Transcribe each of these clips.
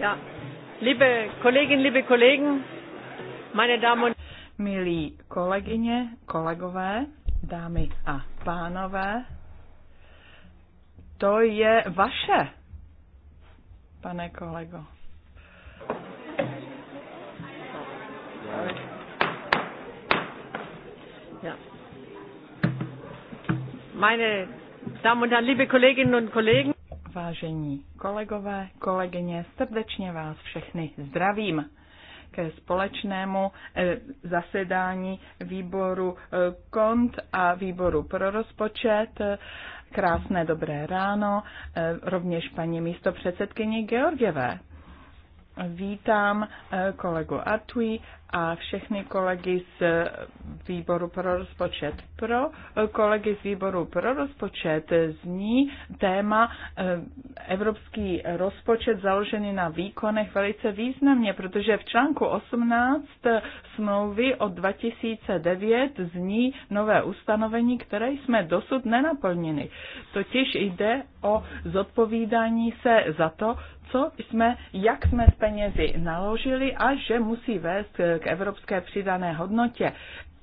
Ja. Liebe Kolleginnen, liebe Kollegen, meine Damen und Milí kolegyně, kolegové, dámy a pánové, to je vaše, pane kolego. Ja. Meine Damen und Herren, liebe Kolleginnen und Kollegen, Vážení kolegové, kolegyně, srdečně vás všechny zdravím ke společnému eh, zasedání výboru eh, KONT a výboru pro rozpočet. Krásné dobré ráno, eh, rovněž paní místo předsedkyně Georgieve. Vítám kolegu Artui, a všechny kolegy z výboru pro rozpočet. Pro eh, kolegy z výboru pro rozpočet zní téma eh, evropský rozpočet založený na výkonech velice významně, protože v článku 18 smlouvy od 2009 zní nové ustanovení, které jsme dosud nenaplnili. Totiž jde o zodpovídání se za to, co jsme, jak jsme s penězi naložili a že musí vést k evropské přidané hodnotě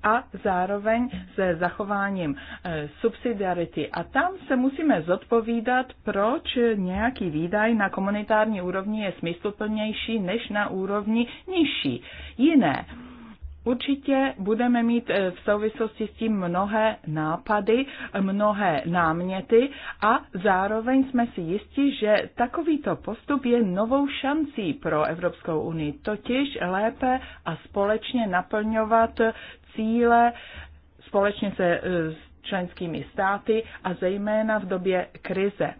a zároveň se zachováním e, subsidiarity. A tam se musíme zodpovídat, proč nějaký výdaj na komunitární úrovni je smysluplnější než na úrovni nižší. Jiné Určitě budeme mít eh, v souvislosti s tím mnohé nápady, mnohé náměty a zároveň jsme si jisti, že takovýto postup je novou šancí pro Evropskou unii, totiž lépe a společně naplňovat cíle společně se eh, s členskými státy a zejména v době krize.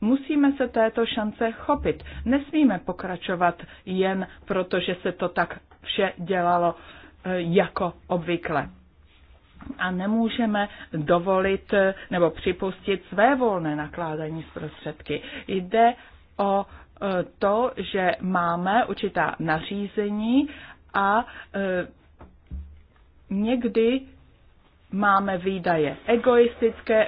Musíme se této šance chopit. Nesmíme pokračovat jen proto, že se to tak vše dělalo jako obvykle. A nemůžeme dovolit eh, nebo připustit své volné nakládání s prostředky. Jde o eh, to, že máme určitá nařízení a eh, někdy máme výdaje egoistické,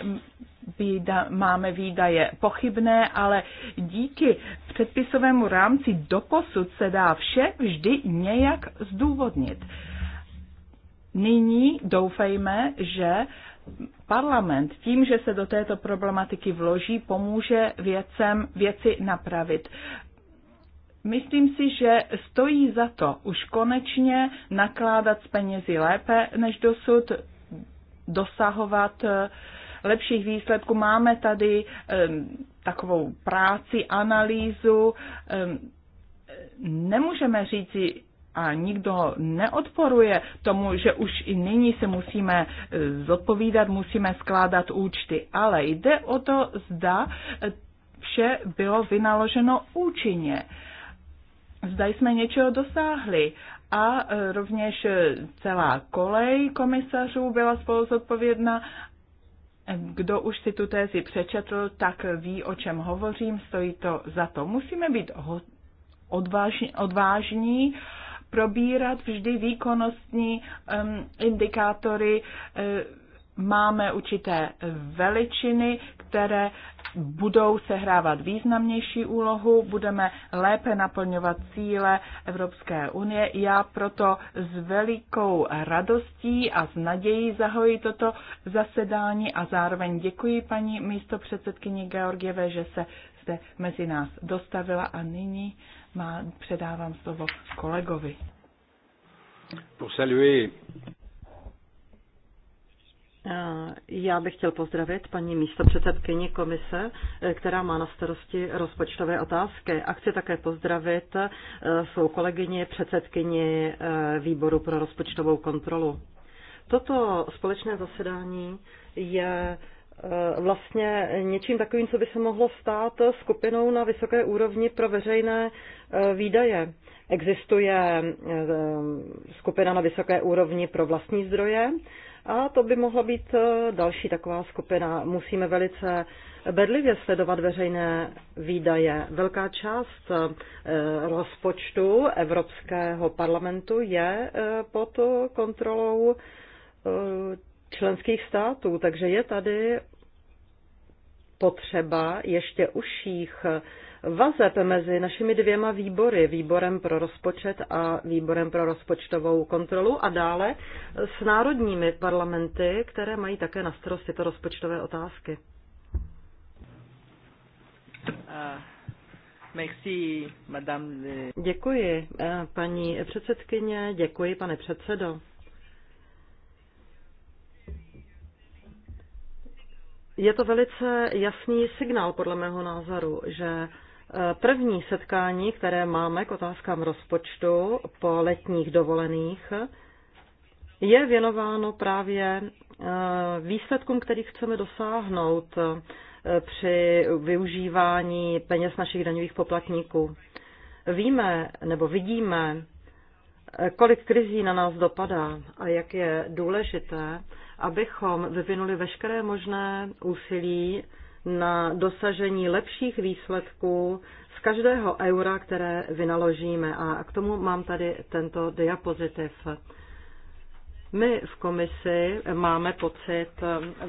máme výdaje pochybné, ale díky předpisovému rámci doposud se dá vše vždy nějak zdůvodnit nyní doufejme, že parlament tím, že se do této problematiky vloží, pomůže věcem věci napravit. Myslím si, že stojí za to už konečně nakládat s penězi lépe než dosud, dosahovat eh, lepších výsledků. Máme tady ehm, takovou práci, analýzu. Ehm, nemůžeme říci, a nikdo neodporuje tomu, že už i nyní se musíme eh, zodpovídat, musíme skládat účty, ale jde o to, zda eh, vše bylo vynaloženo účinně. Zda jsme něčeho dosáhli a eh, rovněž celá kolej komisařů byla spolu zodpovědná. Kdo už si tu tézi přečetl, tak ví, o čem hovořím, stojí to za to. Musíme být odvážní, odvážní probírat vždy výkonnostní um, indikátory. Um, máme určité veličiny, které budou sehrávat významnější úlohu, budeme lépe naplňovat cíle Evropské unie. Já proto s velikou radostí a s nadějí zahojí toto zasedání a zároveň děkuji paní místo předsedkyni Georgieve, že se zde mezi nás dostavila a nyní má, předávám slovo kolegovi. Posaluji. Eh, já bych chtěl pozdravit paní místopředsedkyni komise, eh, která má na starosti rozpočtové otázky. A chci také pozdravit eh, svou kolegyni, předsedkyni výboru pro rozpočtovou kontrolu. Toto společné zasedání je Eh, vlastně něčím takovým, co by se mohlo stát skupinou na vysoké úrovni pro veřejné eh, výdaje. Existuje eh, skupina na vysoké úrovni pro vlastní zdroje a to by mohla být další taková skupina. Musíme velice bedlivě sledovat veřejné výdaje. Velká část rozpočtu Evropského parlamentu je pod kontrolou členských států. Takže je tady potřeba ještě užších vazeb mezi našimi dvěma výbory, výborem pro rozpočet a výborem pro rozpočtovou kontrolu a dále s národními parlamenty, které mají také na starost tyto rozpočtové otázky. Uh, merci, madame. Děkuji, eh, paní předsedkyně, děkuji, pane předsedo. Je to velice jasný signál, podle mého názoru, že eh, první setkání, které máme k otázkám rozpočtu po letních dovolených, je věnováno právě eh, výsledkům, kterých chceme dosáhnout eh, při využívání peněz našich daňových poplatníků. Víme nebo vidíme, kolik krizí na nás dopadá a jak je důležité, abychom vyvinuli veškeré možné úsilí na dosažení lepších výsledků z každého eura, které vynaložíme. A k tomu mám tady tento diapozitiv. My v komisi máme pocit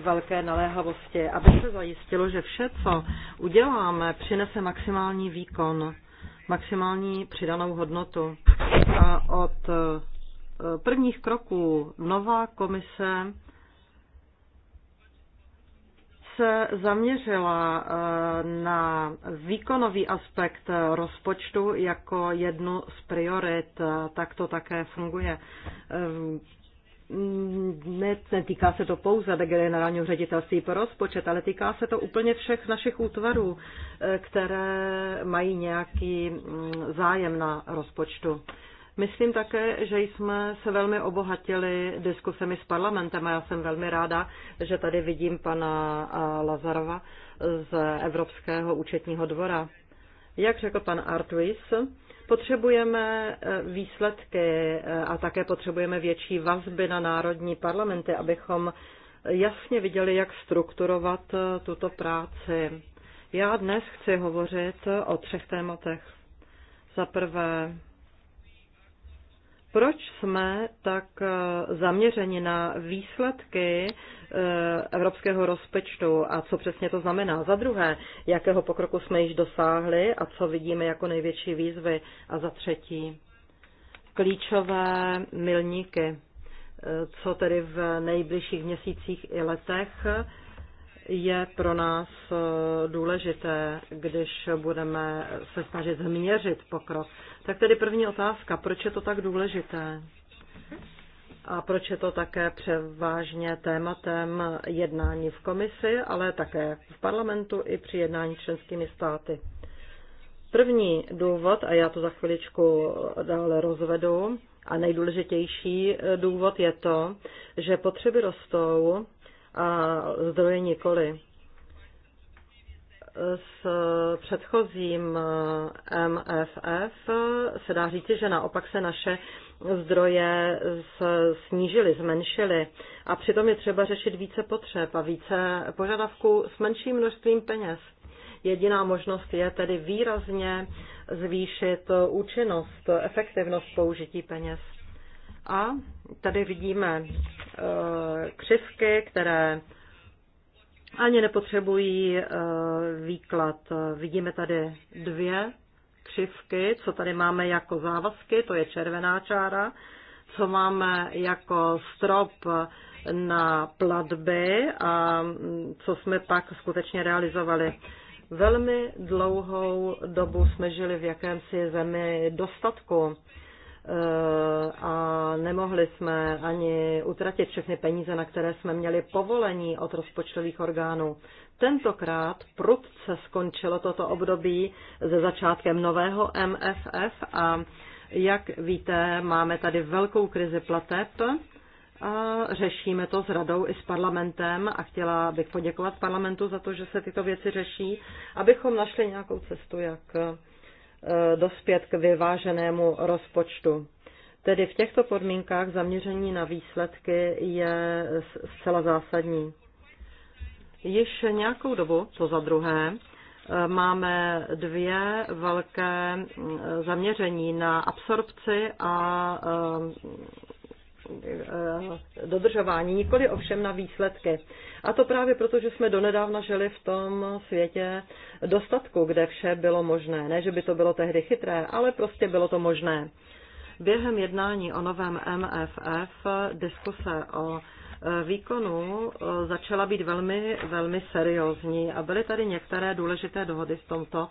velké naléhavosti, aby se zajistilo, že vše, co uděláme, přinese maximální výkon, maximální přidanou hodnotu. A od prvních kroků nová komise se zaměřila eh, na výkonový aspekt rozpočtu jako jednu z priorit. Eh, tak to také funguje. Eh, ne, netýká se to pouze generálního ředitelství pro rozpočet, ale týká se to úplně všech našich útvarů, které mají nějaký mm, zájem na rozpočtu. Myslím také, že jsme se velmi obohatili diskusemi s parlamentem a já jsem velmi ráda, že tady vidím pana eh, Lazarova z Evropského účetního dvora. Jak řekl pan Artwis, potřebujeme eh, výsledky eh, a také potřebujeme větší vazby na národní parlamenty, abychom jasně viděli, jak strukturovat tuto práci. Já dnes chci hovořit o třech tématech. Za prvé proč jsme tak eh, zaměřeni na výsledky eh, evropského rozpočtu a co přesně to znamená? Za druhé, jakého pokroku jsme již dosáhli a co vidíme jako největší výzvy? A za třetí, klíčové milníky, eh, co tedy v nejbližších měsících i letech je pro nás eh, důležité, když budeme se snažit změřit pokrok. Tak tedy první otázka, proč je to tak důležité? A proč je to také převážně tématem jednání v komisi, ale také v parlamentu i při jednání členskými státy? První důvod, a já to za chviličku dále rozvedu, a nejdůležitější eh, důvod je to, že potřeby rostou a zdroje nikoli. S předchozím MFF se dá říci, že naopak se naše zdroje snížily, zmenšily. A přitom je třeba řešit více potřeb a více požadavků s menším množstvím peněz. Jediná možnost je tedy výrazně zvýšit účinnost, efektivnost použití peněz. A tady vidíme eh, křivky, které ani nepotřebují eh, výklad. Vidíme tady dvě křivky, co tady máme jako závazky, to je červená čára, co máme jako strop na platby a mm, co jsme pak skutečně realizovali. Velmi dlouhou dobu jsme žili v jakémsi zemi dostatku. Eh, a nemohli jsme ani utratit všechny peníze, na které jsme měli povolení od rozpočtových orgánů. Tentokrát prudce skončilo toto období se začátkem nového MFF a jak víte, máme tady velkou krizi plateb a řešíme to s radou i s parlamentem a chtěla bych poděkovat parlamentu za to, že se tyto věci řeší, abychom našli nějakou cestu, jak Eh, dospět k vyváženému rozpočtu. Tedy v těchto podmínkách zaměření na výsledky je zcela zásadní. Již nějakou dobu, to za druhé, eh, máme dvě velké mm, zaměření na absorpci a Eh, dodržování, nikoli ovšem na výsledky. A to právě proto, že jsme donedávna žili v tom světě dostatku, kde vše bylo možné. Ne, že by to bylo tehdy chytré, ale prostě bylo to možné. Během jednání o novém MFF diskuse o eh, výkonu eh, začala být velmi, velmi seriózní a byly tady některé důležité dohody v tomto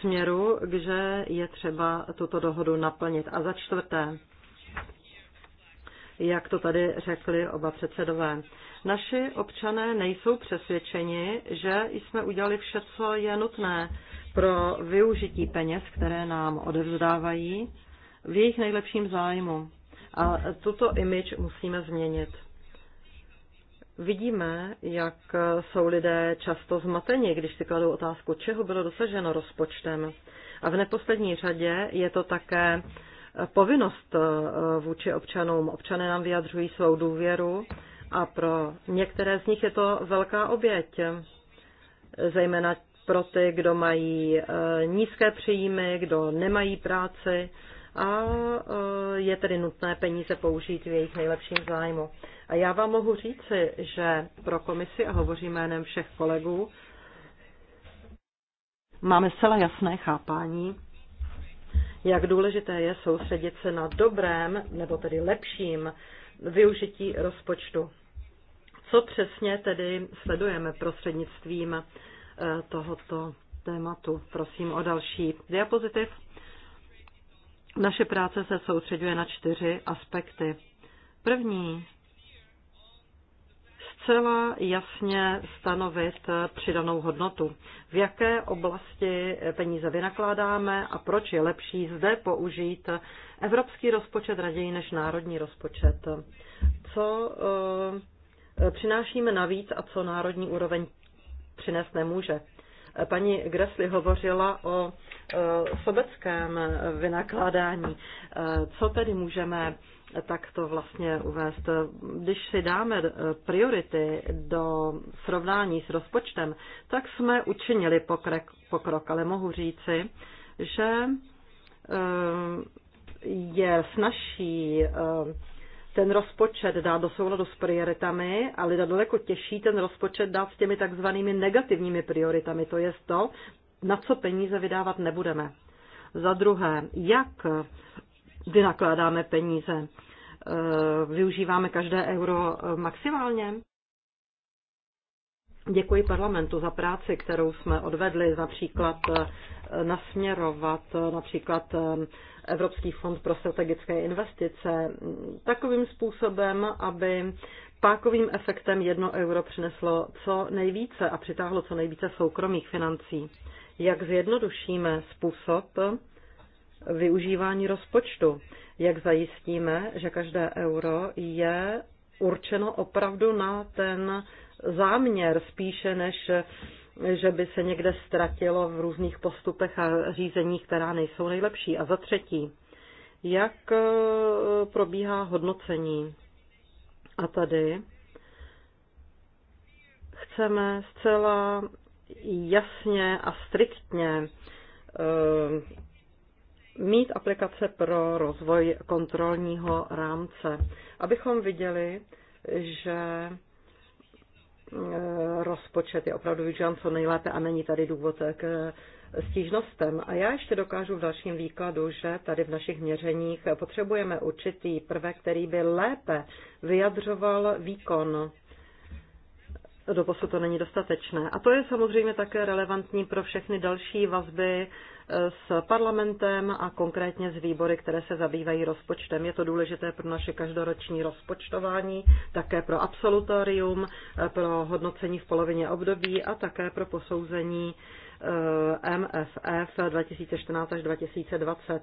směru, že je třeba tuto dohodu naplnit. A za čtvrté, jak to tady řekli oba předsedové. Naši občané nejsou přesvědčeni, že jsme udělali vše, co je nutné pro využití peněz, které nám odevzdávají, v jejich nejlepším zájmu. A tuto imič musíme změnit. Vidíme, jak jsou lidé často zmateni, když si kladou otázku, čeho bylo dosaženo rozpočtem. A v neposlední řadě je to také povinnost eh, vůči občanům. Občané nám vyjadřují svou důvěru a pro některé z nich je to velká oběť, zejména pro ty, kdo mají eh, nízké příjmy, kdo nemají práci a eh, je tedy nutné peníze použít v jejich nejlepším zájmu. A já vám mohu říci, že pro komisi, a hovořím jménem všech kolegů, máme zcela jasné chápání jak důležité je soustředit se na dobrém, nebo tedy lepším využití rozpočtu. Co přesně tedy sledujeme prostřednictvím eh, tohoto tématu? Prosím o další diapozitiv. Naše práce se soustředuje na čtyři aspekty. První zcela jasně stanovit přidanou hodnotu, v jaké oblasti peníze vynakládáme a proč je lepší zde použít evropský rozpočet raději než národní rozpočet. Co eh, přinášíme navíc a co národní úroveň přinést nemůže. Paní Gresli hovořila o eh, sobeckém eh, vynakládání. Co tedy můžeme tak to vlastně uvést. Když si dáme eh, priority do srovnání s rozpočtem, tak jsme učinili pokrok, pokrok ale mohu říci, že eh, je snažší eh, ten rozpočet dát do souladu s prioritami, ale daleko těžší ten rozpočet dát s těmi takzvanými negativními prioritami, to je to, na co peníze vydávat nebudeme. Za druhé, jak vynakládáme peníze. E, využíváme každé euro e, maximálně? Děkuji parlamentu za práci, kterou jsme odvedli, například e, nasměrovat například Evropský fond pro strategické investice mm, takovým způsobem, aby pákovým efektem jedno euro přineslo co nejvíce a přitáhlo co nejvíce soukromých financí. Jak zjednodušíme způsob, využívání rozpočtu, jak zajistíme, že každé euro je určeno opravdu na ten záměr spíše než že by se někde ztratilo v různých postupech a řízeních, která nejsou nejlepší. A za třetí, jak eh, probíhá hodnocení. A tady chceme zcela jasně a striktně eh, mít aplikace pro rozvoj kontrolního rámce, abychom viděli, že eh, rozpočet je opravdu využíván co nejlépe a není tady důvod k eh, stížnostem. A já ještě dokážu v dalším výkladu, že tady v našich měřeních potřebujeme určitý prvek, který by lépe vyjadřoval výkon. Doposud to není dostatečné. A to je samozřejmě také relevantní pro všechny další vazby s parlamentem a konkrétně s výbory, které se zabývají rozpočtem. Je to důležité pro naše každoroční rozpočtování, také pro absolutorium, pro hodnocení v polovině období a také pro posouzení eh, MFF 2014 až 2020.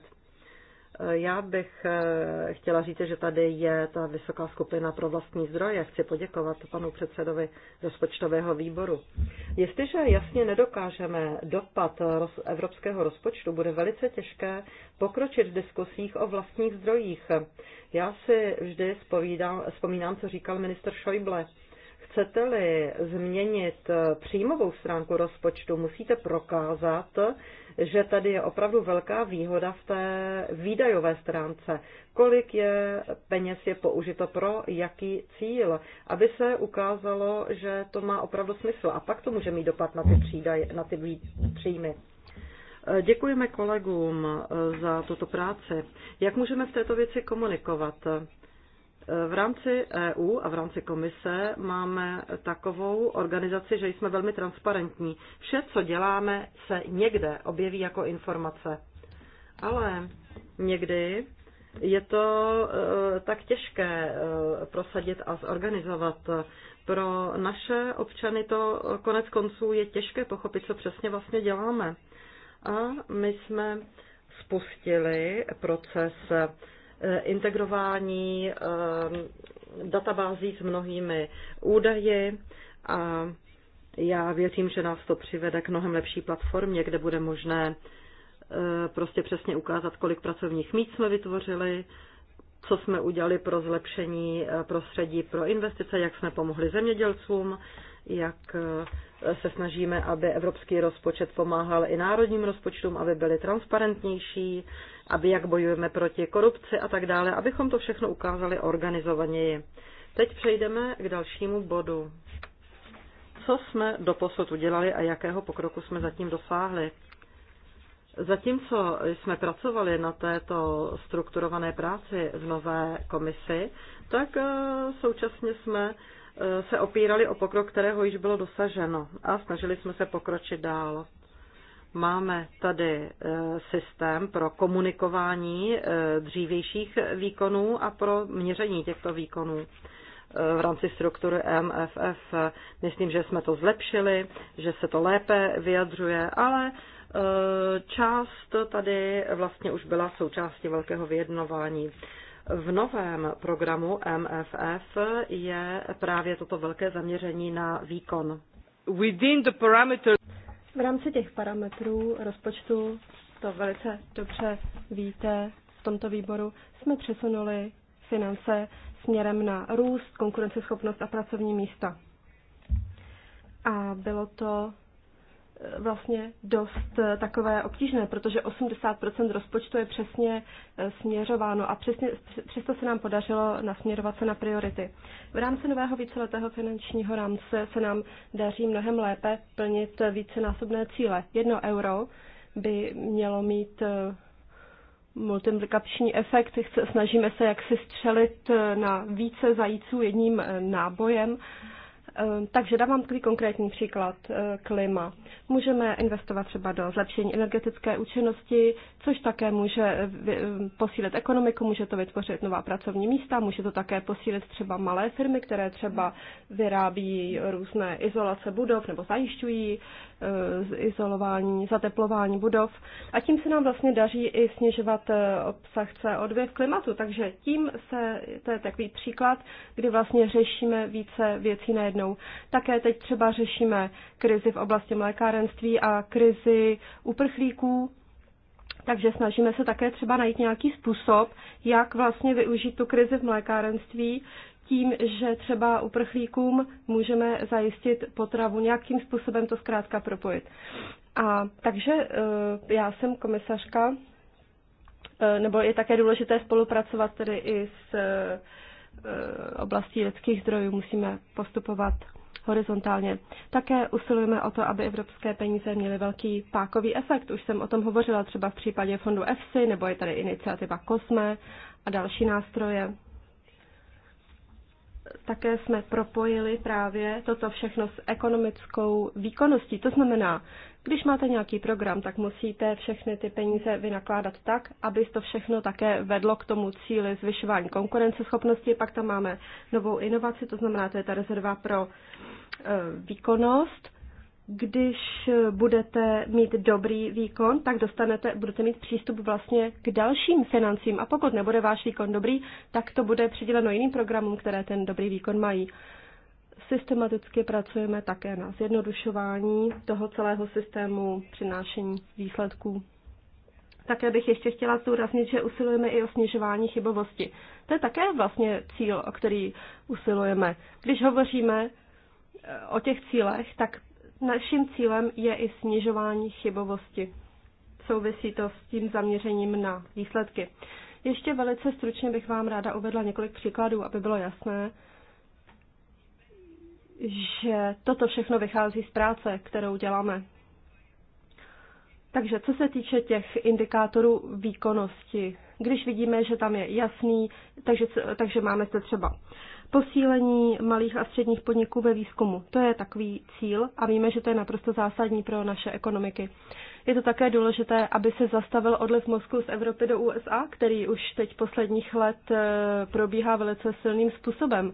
Já bych eh, chtěla říct, že tady je ta vysoká skupina pro vlastní zdroje. Chci poděkovat panu předsedovi rozpočtového výboru. Jestliže jasně nedokážeme dopad evropského rozpočtu, bude velice těžké pokročit v diskusích o vlastních zdrojích. Já si vždy vzpomínám, co říkal minister Schäuble chcete-li změnit eh, příjmovou stránku rozpočtu, musíte prokázat, že tady je opravdu velká výhoda v té výdajové stránce. Kolik je peněz je použito pro jaký cíl, aby se ukázalo, že to má opravdu smysl. A pak to může mít dopad na ty, přídaj, na ty příjmy. Eh, děkujeme kolegům eh, za tuto práci. Jak můžeme v této věci komunikovat? V rámci EU a v rámci komise máme takovou organizaci, že jsme velmi transparentní. Vše, co děláme, se někde objeví jako informace. Ale někdy je to eh, tak těžké eh, prosadit a zorganizovat. Pro naše občany to konec konců je těžké pochopit, co přesně vlastně děláme. A my jsme spustili proces Eh, integrování eh, databází s mnohými údaji a já věřím, že nás to přivede k mnohem lepší platformě, kde bude možné eh, prostě přesně ukázat, kolik pracovních míst jsme vytvořili, co jsme udělali pro zlepšení prostředí pro investice, jak jsme pomohli zemědělcům, jak se snažíme, aby evropský rozpočet pomáhal i národním rozpočtům, aby byly transparentnější, aby jak bojujeme proti korupci a tak dále, abychom to všechno ukázali organizovaněji. Teď přejdeme k dalšímu bodu. Co jsme doposud udělali a jakého pokroku jsme zatím dosáhli? Zatímco jsme pracovali na této strukturované práci v nové komisi, tak eh, současně jsme se opírali o pokrok, kterého již bylo dosaženo a snažili jsme se pokročit dál. Máme tady e, systém pro komunikování e, dřívějších výkonů a pro měření těchto výkonů e, v rámci struktury MFF. Myslím, že jsme to zlepšili, že se to lépe vyjadřuje, ale část tady vlastně už byla součástí velkého vyjednování. V novém programu MFF je právě toto velké zaměření na výkon. Within the parameter... V rámci těch parametrů rozpočtu, to velice dobře víte v tomto výboru, jsme přesunuli finance směrem na růst, konkurenceschopnost a pracovní místa. A bylo to vlastně dost eh, takové obtížné, protože 80% rozpočtu je přesně eh, směřováno a přesně, přesto se nám podařilo nasměrovat se na priority. V rámci nového víceletého finančního rámce se nám daří mnohem lépe plnit vícenásobné cíle. Jedno euro by mělo mít eh, multiplikační efekt. Snažíme se jaksi střelit na více zajíců jedním nábojem. Ehm, takže dávám takový konkrétní příklad eh, klima. Můžeme investovat třeba do zlepšení energetické účinnosti, což také může eh, ehm, posílit ekonomiku, může to vytvořit nová pracovní místa, může to také posílit třeba malé firmy, které třeba vyrábí různé izolace budov nebo zajišťují izolování, zateplování budov a tím se nám vlastně daří i snižovat eh, obsah CO2 v klimatu. Takže tím se, to je takový příklad, kdy vlastně řešíme více věcí najednou. Také teď třeba řešíme krizi v oblasti mlékárenství a krizi uprchlíků, takže snažíme se také třeba najít nějaký způsob, jak vlastně využít tu krizi v mlékárenství, tím, že třeba uprchlíkům můžeme zajistit potravu, nějakým způsobem to zkrátka propojit. A takže eh, já jsem komisařka, eh, nebo je také důležité spolupracovat tedy i s eh, oblastí lidských zdrojů, musíme postupovat horizontálně. Také usilujeme o to, aby evropské peníze měly velký pákový efekt. Už jsem o tom hovořila třeba v případě fondu EFSI, nebo je tady iniciativa COSME a další nástroje také jsme propojili právě toto všechno s ekonomickou výkonností. To znamená, když máte nějaký program, tak musíte všechny ty peníze vynakládat tak, aby to všechno také vedlo k tomu cíli zvyšování konkurenceschopnosti. Pak tam máme novou inovaci, to znamená, to je ta rezerva pro eh, výkonnost když budete mít dobrý výkon, tak dostanete, budete mít přístup vlastně k dalším financím a pokud nebude váš výkon dobrý, tak to bude přiděleno jiným programům, které ten dobrý výkon mají. Systematicky pracujeme také na zjednodušování toho celého systému přinášení výsledků. Také bych ještě chtěla zdůraznit, že usilujeme i o snižování chybovosti. To je také vlastně cíl, o který usilujeme. Když hovoříme eh, o těch cílech, tak Naším cílem je i snižování chybovosti. Souvisí to s tím zaměřením na výsledky. Ještě velice stručně bych vám ráda uvedla několik příkladů, aby bylo jasné, že toto všechno vychází z práce, kterou děláme. Takže co se týče těch indikátorů výkonnosti, když vidíme, že tam je jasný, takže, takže máme zde třeba posílení malých a středních podniků ve výzkumu. To je takový cíl a víme, že to je naprosto zásadní pro naše ekonomiky. Je to také důležité, aby se zastavil odliv mozku z Evropy do USA, který už teď posledních let eh, probíhá velice silným způsobem.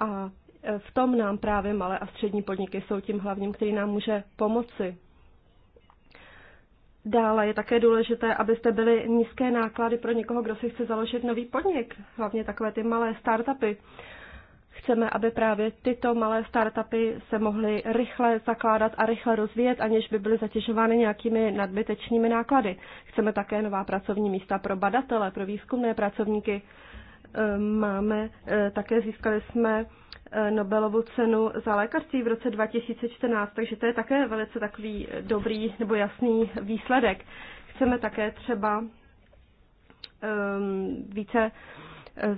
A eh, v tom nám právě malé a střední podniky jsou tím hlavním, který nám může pomoci. Dále je také důležité, abyste byli nízké náklady pro někoho, kdo si chce založit nový podnik, hlavně takové ty malé startupy. Chceme, aby právě tyto malé startupy se mohly rychle zakládat a rychle rozvíjet, aniž by byly zatěžovány nějakými nadbytečnými náklady. Chceme také nová pracovní místa pro badatele, pro výzkumné pracovníky. Eh, máme, eh, také získali jsme eh, Nobelovu cenu za lékařství v roce 2014, takže to je také velice takový dobrý nebo jasný výsledek. Chceme také třeba um, více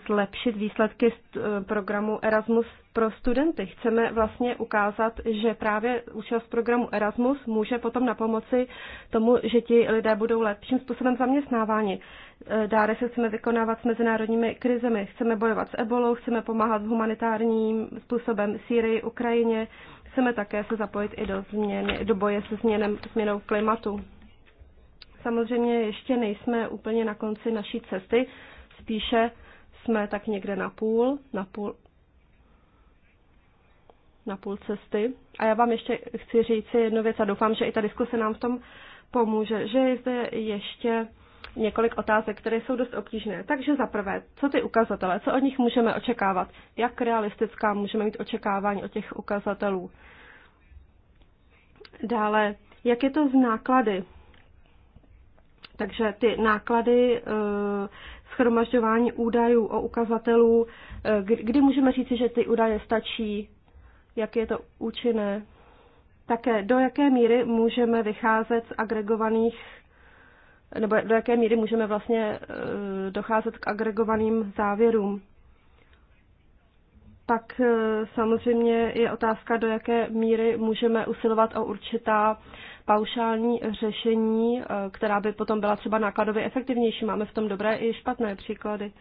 zlepšit výsledky eh, programu Erasmus pro studenty. Chceme vlastně ukázat, že právě účast programu Erasmus může potom na pomoci tomu, že ti lidé budou lepším způsobem zaměstnáváni. Eh, dále se chceme vykonávat s mezinárodními krizemi, chceme bojovat s ebolou, chceme pomáhat humanitárním způsobem Sýrii, Ukrajině, chceme také se zapojit i do, změny, do boje se změnem, změnou klimatu. Samozřejmě ještě nejsme úplně na konci naší cesty, spíše jsme tak někde na půl, na půl, na půl cesty. A já vám ještě chci říct jednu věc a doufám, že i ta diskuse nám v tom pomůže, že je zde ještě několik otázek, které jsou dost obtížné. Takže za prvé, co ty ukazatele, co od nich můžeme očekávat? Jak realistická můžeme mít očekávání od těch ukazatelů? Dále, jak je to z náklady? Takže ty náklady, eh, schromažďování údajů o ukazatelů, eh, kdy můžeme říci, že ty údaje stačí, jak je to účinné. Také do jaké míry můžeme vycházet z agregovaných, nebo do jaké míry můžeme vlastně eh, docházet k agregovaným závěrům. Pak eh, samozřejmě je otázka, do jaké míry můžeme usilovat o určitá paušální řešení, eh, která by potom byla třeba nákladově efektivnější. Máme v tom dobré i špatné příklady.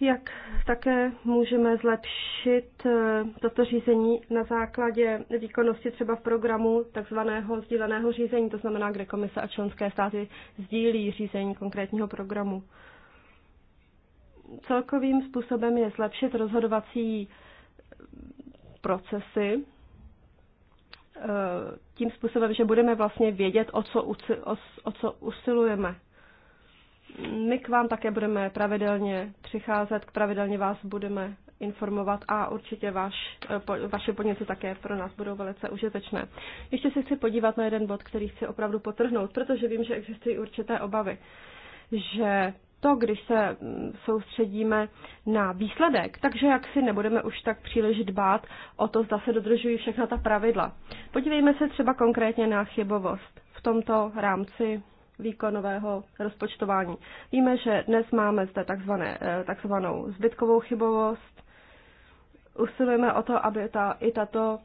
Jak také můžeme zlepšit eh, toto řízení na základě výkonnosti třeba v programu takzvaného sdíleného řízení, to znamená, kde komise a členské státy sdílí řízení konkrétního programu. Celkovým způsobem je zlepšit rozhodovací procesy Eh, tím způsobem, že budeme vlastně vědět, o co, o, co usilujeme. My k vám také budeme pravidelně přicházet, k pravidelně vás budeme informovat a určitě vaš, eh, vaše podněty také pro nás budou velice užitečné. Ještě se chci podívat na jeden bod, který chci opravdu potrhnout, protože vím, že existují určité obavy, že to, když se mm, soustředíme na výsledek, takže jak si nebudeme už tak příliš dbát o to, zda se dodržují všechna ta pravidla. Podívejme se třeba konkrétně na chybovost v tomto rámci výkonového rozpočtování. Víme, že dnes máme zde takzvané, eh, takzvanou zbytkovou chybovost. Usilujeme o to, aby ta, i tato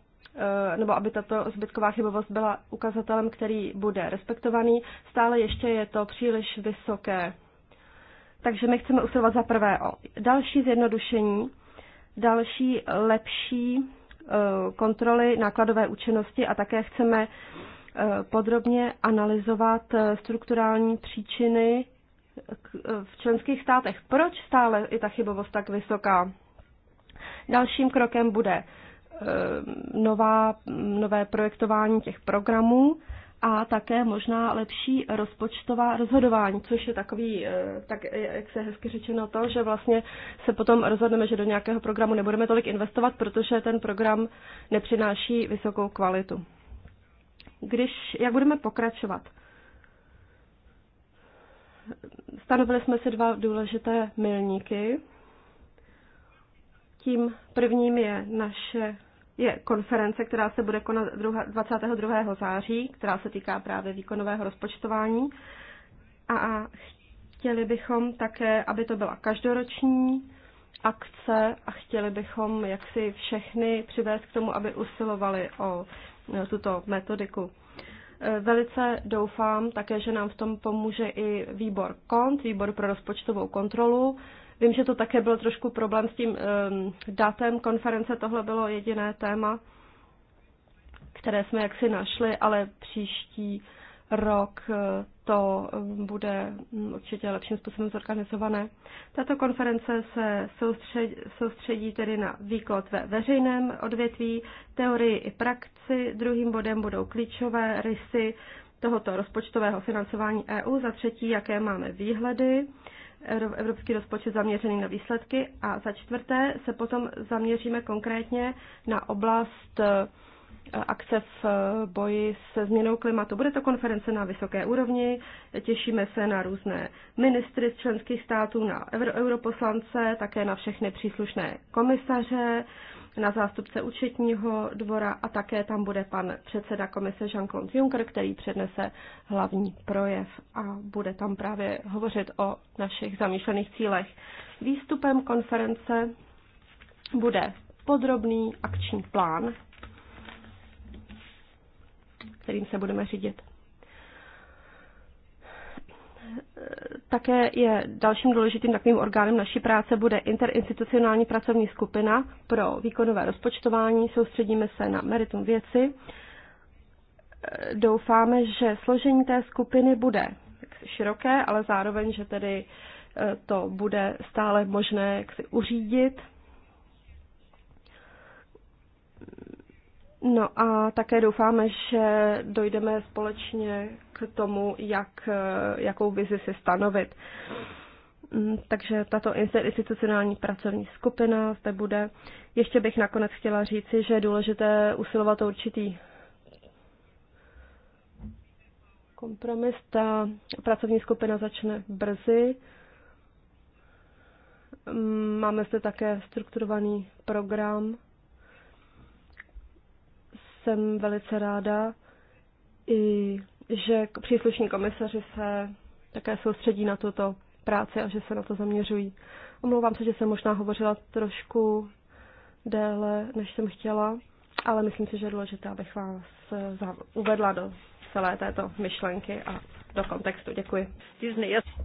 eh, nebo aby tato zbytková chybovost byla ukazatelem, který bude respektovaný. Stále ještě je to příliš vysoké takže my chceme usilovat za prvé o další zjednodušení, další lepší e, kontroly nákladové účinnosti a také chceme e, podrobně analyzovat e, strukturální příčiny v členských státech. Proč stále je ta chybovost tak vysoká? Dalším krokem bude nová, nové projektování těch programů a také možná lepší rozpočtová rozhodování, což je takový, eh, tak eh, jak se hezky řečeno to, že vlastně se potom rozhodneme, že do nějakého programu nebudeme tolik investovat, protože ten program nepřináší vysokou kvalitu. Když, jak budeme pokračovat? Stanovili jsme si dva důležité milníky. Tím prvním je naše je konference, která se bude konat 22. září, která se týká právě výkonového rozpočtování. A chtěli bychom také, aby to byla každoroční akce a chtěli bychom jaksi všechny přivést k tomu, aby usilovali o tuto metodiku. E, velice doufám také, že nám v tom pomůže i výbor KONT, výbor pro rozpočtovou kontrolu, Vím, že to také byl trošku problém s tím um, datem konference, tohle bylo jediné téma, které jsme jaksi našli, ale příští rok eh, to ehm, bude hm, určitě lepším způsobem zorganizované. Tato konference se soustředí, soustředí tedy na výklad ve veřejném odvětví, teorii i praxi. Druhým bodem budou klíčové rysy tohoto rozpočtového financování EU. Za třetí, jaké máme výhledy evropský rozpočet zaměřený na výsledky a za čtvrté se potom zaměříme konkrétně na oblast eh, akce v eh, boji se změnou klimatu. Bude to konference na vysoké úrovni, těšíme se na různé ministry z členských států, na europoslance, také na všechny příslušné komisaře, na zástupce účetního dvora a také tam bude pan předseda komise Jean-Claude Juncker, který přednese hlavní projev a bude tam právě hovořit o našich zamýšlených cílech. Výstupem konference bude podrobný akční plán, kterým se budeme řídit také je dalším důležitým takovým orgánem naší práce bude interinstitucionální pracovní skupina pro výkonové rozpočtování. Soustředíme se na meritum věci. Doufáme, že složení té skupiny bude široké, ale zároveň, že tedy eh, to bude stále možné jak si uřídit. No a také doufáme, že dojdeme společně tomu, jak, jakou vizi si stanovit. Mm, takže tato institucionální pracovní skupina zde bude. Ještě bych nakonec chtěla říci, že je důležité usilovat o určitý kompromis. Ta pracovní skupina začne brzy. Mm, máme zde také strukturovaný program. Jsem velice ráda i že příslušní komisaři se také soustředí na tuto práci a že se na to zaměřují. Omlouvám se, že jsem možná hovořila trošku déle, než jsem chtěla, ale myslím si, že je důležité, abych vás eh, uvedla do celé této myšlenky a do kontextu. Děkuji.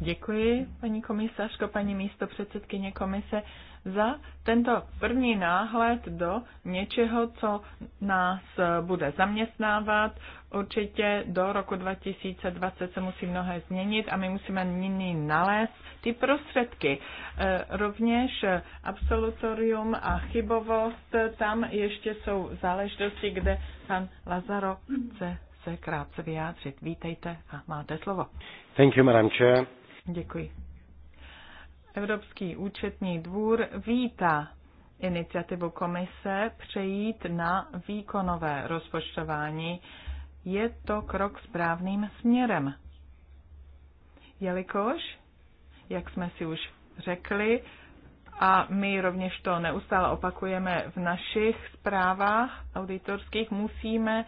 Děkuji, paní komisařko, paní místo předsedkyně komise za tento první náhled do něčeho, co nás eh, bude zaměstnávat. Určitě do roku 2020 se musí mnohé změnit a my musíme nyní nalézt ty prostředky. Eh, rovněž eh, absolutorium a chybovost, tam ještě jsou záležitosti, kde pan Lazaro chce se krátce vyjádřit. Vítejte a máte slovo. Thank you, Madam Děkuji. Evropský účetní dvůr vítá iniciativu komise přejít na výkonové rozpočtování. Je to krok správným směrem. Jelikož, jak jsme si už řekli, a my rovněž to neustále opakujeme v našich zprávách auditorských, musíme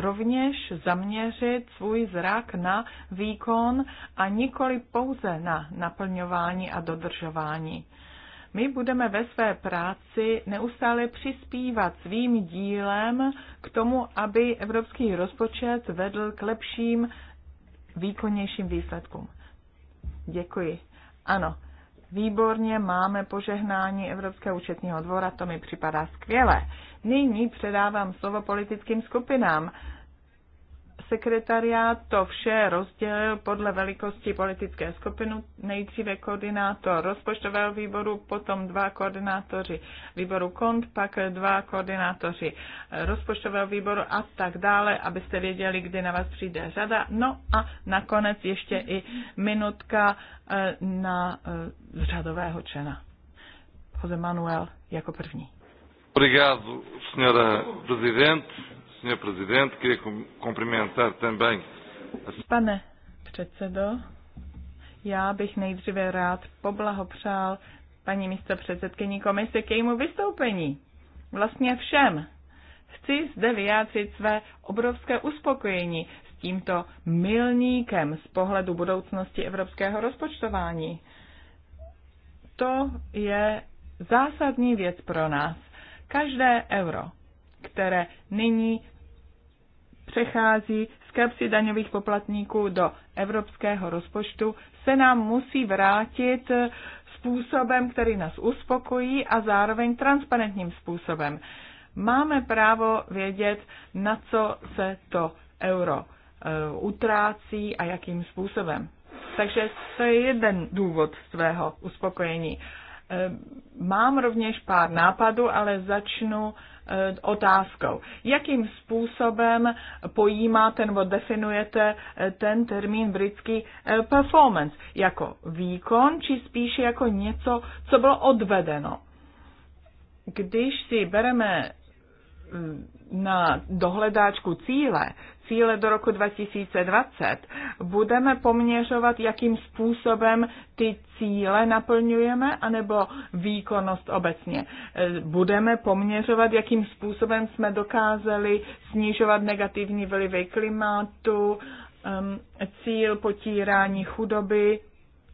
rovněž zaměřit svůj zrak na výkon a nikoli pouze na naplňování a dodržování. My budeme ve své práci neustále přispívat svým dílem k tomu, aby evropský rozpočet vedl k lepším, výkonnějším výsledkům. Děkuji. Ano, Výborně, máme požehnání Evropského účetního dvora, to mi připadá skvěle. Nyní předávám slovo politickým skupinám sekretariát to vše rozdělil podle velikosti politické skupiny, nejdříve koordinátor rozpočtového výboru, potom dva koordinátoři výboru KONT, pak dva koordinátoři rozpočtového výboru a tak dále, abyste věděli, kdy na vás přijde řada. No a nakonec ještě i minutka eh, na eh, řadového člena. Jose Manuel jako první. Obrigado, senhora Presidente. Pane předsedo, já bych nejdříve rád poblahopřál paní místo předsedkyní komise k jejímu vystoupení. Vlastně všem. Chci zde vyjádřit své obrovské uspokojení s tímto milníkem z pohledu budoucnosti evropského rozpočtování. To je zásadní věc pro nás. Každé euro, které nyní přechází z kapsy daňových poplatníků do evropského rozpočtu, se nám musí vrátit způsobem, který nás uspokojí a zároveň transparentním způsobem. Máme právo vědět, na co se to euro eh, utrácí a jakým způsobem. Takže to je jeden důvod svého uspokojení. Eh, mám rovněž pár nápadů, ale začnu Eh, otázkou. Jakým způsobem pojímáte nebo definujete eh, ten termín britský eh, performance? Jako výkon či spíše jako něco, co bylo odvedeno? Když si bereme na dohledáčku cíle, cíle do roku 2020, budeme poměřovat, jakým způsobem ty cíle naplňujeme, anebo výkonnost obecně. E, budeme poměřovat, jakým způsobem jsme dokázali snižovat negativní vlivy klimatu, cíl potírání chudoby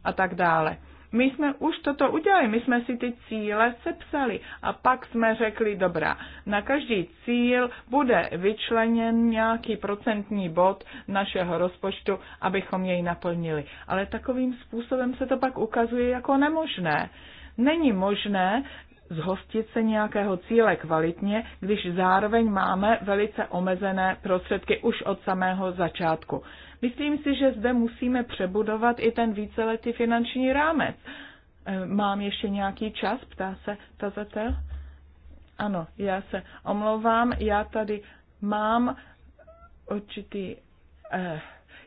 a tak dále. My jsme už toto udělali, my jsme si ty cíle sepsali a pak jsme řekli, dobrá, na každý cíl bude vyčleněn nějaký procentní bod našeho rozpočtu, abychom jej naplnili. Ale takovým způsobem se to pak ukazuje jako nemožné. Není možné zhostit se nějakého cíle kvalitně, když zároveň máme velice omezené prostředky už od samého začátku. Myslím si, že zde musíme přebudovat i ten víceletý finanční rámec. Eh, mám ještě nějaký čas, ptá se tazatel. Ano, já se omlouvám, já tady mám určitý eh,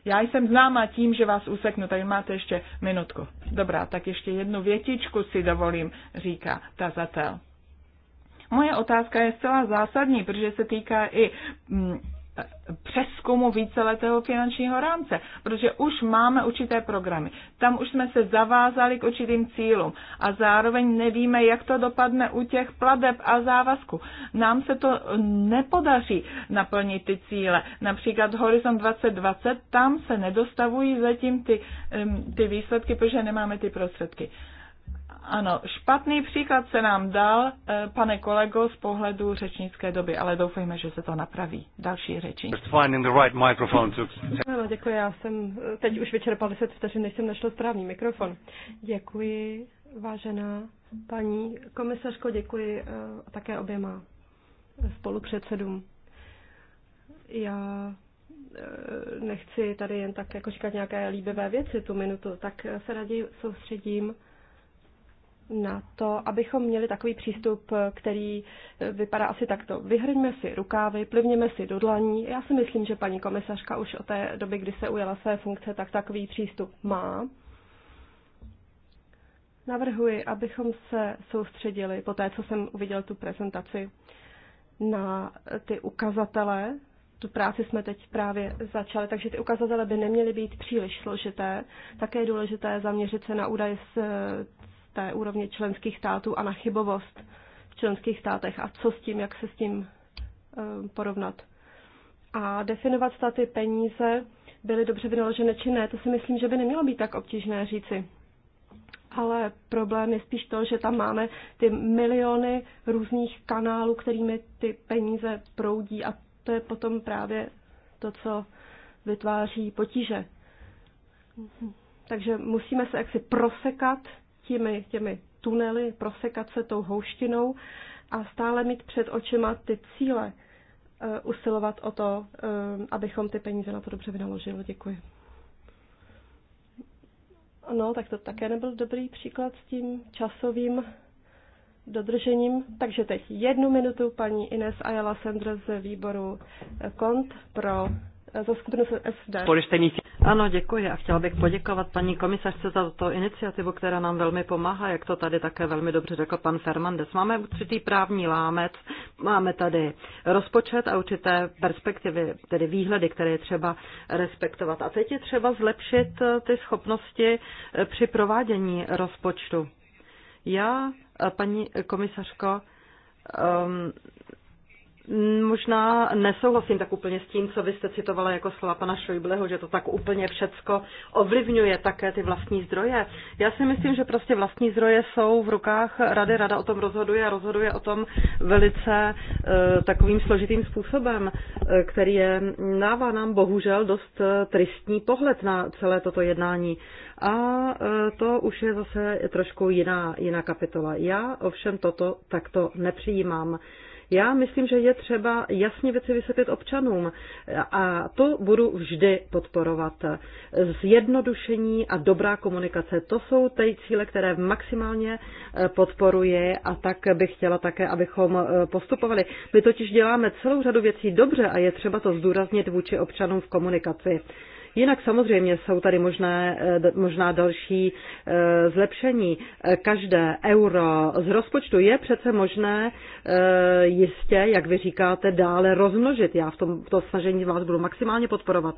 já jsem známa tím, že vás useknu, tady máte ještě minutku. Dobrá, tak ještě jednu větičku si dovolím, říká tazatel. Moje otázka je zcela zásadní, protože se týká i mm, přeskumu víceletého finančního rámce, protože už máme určité programy. Tam už jsme se zavázali k určitým cílům a zároveň nevíme, jak to dopadne u těch pladeb a závazků. Nám se to nepodaří naplnit ty cíle. Například Horizon 2020, tam se nedostavují zatím ty, ty výsledky, protože nemáme ty prostředky. Ano, špatný příklad se nám dal, eh, pane kolego, z pohledu řečnické doby, ale doufejme, že se to napraví. Další řečník. Right to... děkuji, já jsem eh, teď už vyčerpal 10 vteřin, než jsem našel správný mikrofon. Děkuji, vážená paní komisařko, děkuji eh, také oběma spolupředsedům. Já nechci tady jen tak jako říkat nějaké líbivé věci tu minutu, tak se raději soustředím na to, abychom měli takový přístup, který eh, vypadá asi takto. Vyhrňme si rukávy, plivněme si do dlaní. Já si myslím, že paní komisařka už od té doby, kdy se ujala své funkce, tak takový přístup má. Navrhuji, abychom se soustředili, po té, co jsem uviděl tu prezentaci, na ty ukazatele. Tu práci jsme teď právě začali, takže ty ukazatele by neměly být příliš složité. Také je důležité zaměřit se na údaje z té úrovně členských států a na chybovost v členských státech a co s tím, jak se s tím eh, porovnat. A definovat státy peníze byly dobře vynaložené či ne, to si myslím, že by nemělo být tak obtížné říci. Ale problém je spíš to, že tam máme ty miliony různých kanálů, kterými ty peníze proudí a to je potom právě to, co vytváří potíže. Takže musíme se jaksi prosekat těmi, těmi tunely, prosekat se tou houštinou a stále mít před očima ty cíle, eh, usilovat o to, eh, abychom ty peníze na to dobře vynaložili. Děkuji. No, tak to také nebyl dobrý příklad s tím časovým dodržením. Takže teď jednu minutu paní Ines Ayala Sanders z výboru KONT pro eh, za skupinu SD. Ano, děkuji a chtěla bych poděkovat paní komisařce za to iniciativu, která nám velmi pomáhá, jak to tady také velmi dobře řekl pan Fernandez. Máme určitý právní lámec, máme tady rozpočet a určité perspektivy, tedy výhledy, které je třeba respektovat. A teď je třeba zlepšit eh, ty schopnosti eh, při provádění rozpočtu. Já, eh, paní komisařko, um, Mm, možná nesouhlasím tak úplně s tím, co vy jste citovala jako slova pana Šojbleho, že to tak úplně všecko ovlivňuje také ty vlastní zdroje. Já si myslím, že prostě vlastní zdroje jsou v rukách rady, rada o tom rozhoduje a rozhoduje o tom velice uh, takovým složitým způsobem, uh, který je, dává nám bohužel dost e, tristní pohled na celé toto jednání. A uh, to už je zase trošku jiná, jiná kapitola. Já ovšem toto takto nepřijímám. Já myslím, že je třeba jasně věci vysvětlit občanům a to budu vždy podporovat. Zjednodušení a dobrá komunikace, to jsou ty cíle, které maximálně eh, podporuje a tak bych chtěla také, abychom eh, postupovali. My totiž děláme celou řadu věcí dobře a je třeba to zdůraznit vůči občanům v komunikaci. Jinak samozřejmě jsou tady možné, eh, možná další eh, zlepšení. Eh, každé euro z rozpočtu je přece možné jistě, jak vy říkáte, dále rozmnožit. Já v tom to snažení vás budu maximálně podporovat.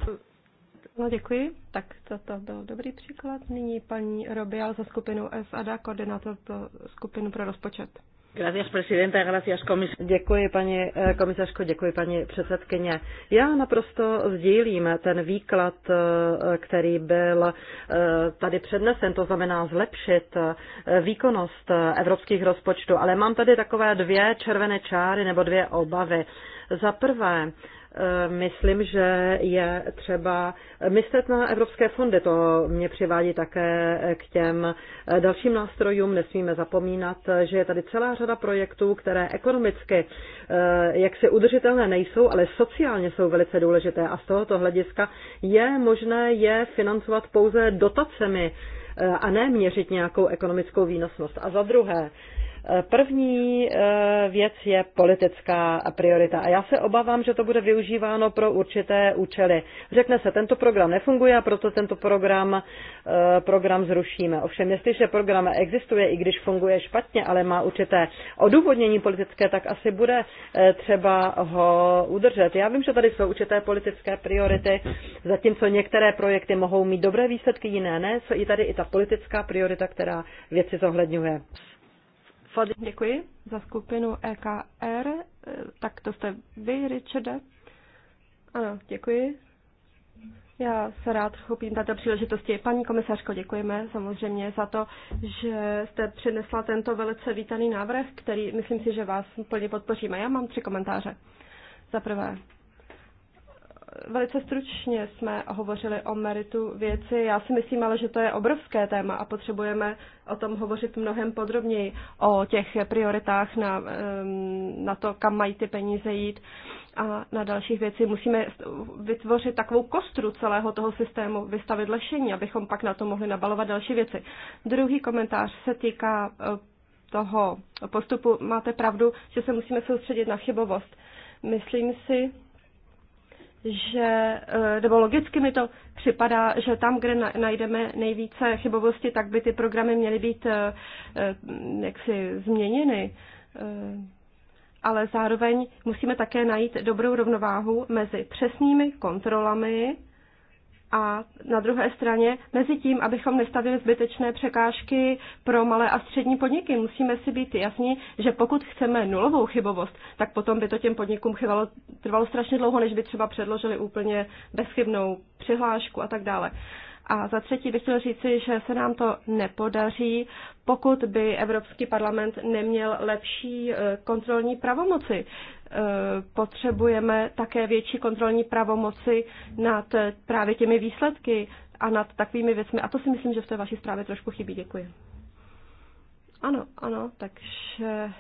No, děkuji. Tak toto byl dobrý příklad. Nyní paní Robial za skupinu SAD, koordinátor pro skupinu pro rozpočet. Gracias, presidenta, gracias, komis... Děkuji, paní eh, komisařko, děkuji, paní předsedkyně. Já naprosto sdílím ten výklad, eh, který byl eh, tady přednesen, to znamená zlepšit výkonnost evropských rozpočtů, ale mám tady takové dvě červené čáry nebo dvě obavy. Za prvé, Eh, myslím, že je třeba myslet na evropské fondy. To mě přivádí také k těm eh, dalším nástrojům. Nesmíme zapomínat, že je tady celá řada projektů, které ekonomicky eh, jaksi udržitelné nejsou, ale sociálně jsou velice důležité a z tohoto hlediska je možné je financovat pouze dotacemi a ne měřit nějakou ekonomickou výnosnost. A za druhé, První eh, věc je politická priorita a já se obávám, že to bude využíváno pro určité účely. Řekne se, tento program nefunguje a proto tento program, eh, program zrušíme. Ovšem, jestliže program existuje, i když funguje špatně, ale má určité odůvodnění politické, tak asi bude eh, třeba ho udržet. Já vím, že tady jsou určité politické priority, zatímco některé projekty mohou mít dobré výsledky, jiné ne, co i tady i ta politická priorita, která věci zohledňuje. Děkuji za skupinu EKR. Tak to jste vy, Richarde. Ano, děkuji. Já se rád chopím této příležitosti. Paní komisařko, děkujeme samozřejmě za to, že jste přinesla tento velice vítaný návrh, který myslím si, že vás plně podpoříme. Já mám tři komentáře. Za prvé, Velice stručně jsme hovořili o meritu věci. Já si myslím ale, že to je obrovské téma a potřebujeme o tom hovořit mnohem podrobněji, o těch prioritách na, na to, kam mají ty peníze jít a na dalších věcí. Musíme vytvořit takovou kostru celého toho systému, vystavit lešení, abychom pak na to mohli nabalovat další věci. Druhý komentář se týká eh, toho postupu. Máte pravdu, že se musíme soustředit na chybovost. Myslím si, že, eh, nebo logicky mi to připadá, že tam, kde najdeme nejvíce chybovosti, tak by ty programy měly být eh, eh, jaksi změněny. Ale zároveň musíme také najít dobrou rovnováhu mezi přesnými kontrolami a na druhé straně mezi tím, abychom nestavili zbytečné překážky pro malé a střední podniky, musíme si být jasní, že pokud chceme nulovou chybovost, tak potom by to těm podnikům chybalo, trvalo strašně dlouho, než by třeba předložili úplně bezchybnou přihlášku a tak dále. A za třetí bych chtěl říci, že se nám to nepodaří, pokud by Evropský parlament neměl lepší eh, kontrolní pravomoci. Eh, potřebujeme také větší kontrolní pravomoci nad eh, právě těmi výsledky a nad takovými věcmi. A to si myslím, že v té vaší zprávě trošku chybí. Děkuji. Ano, ano, takže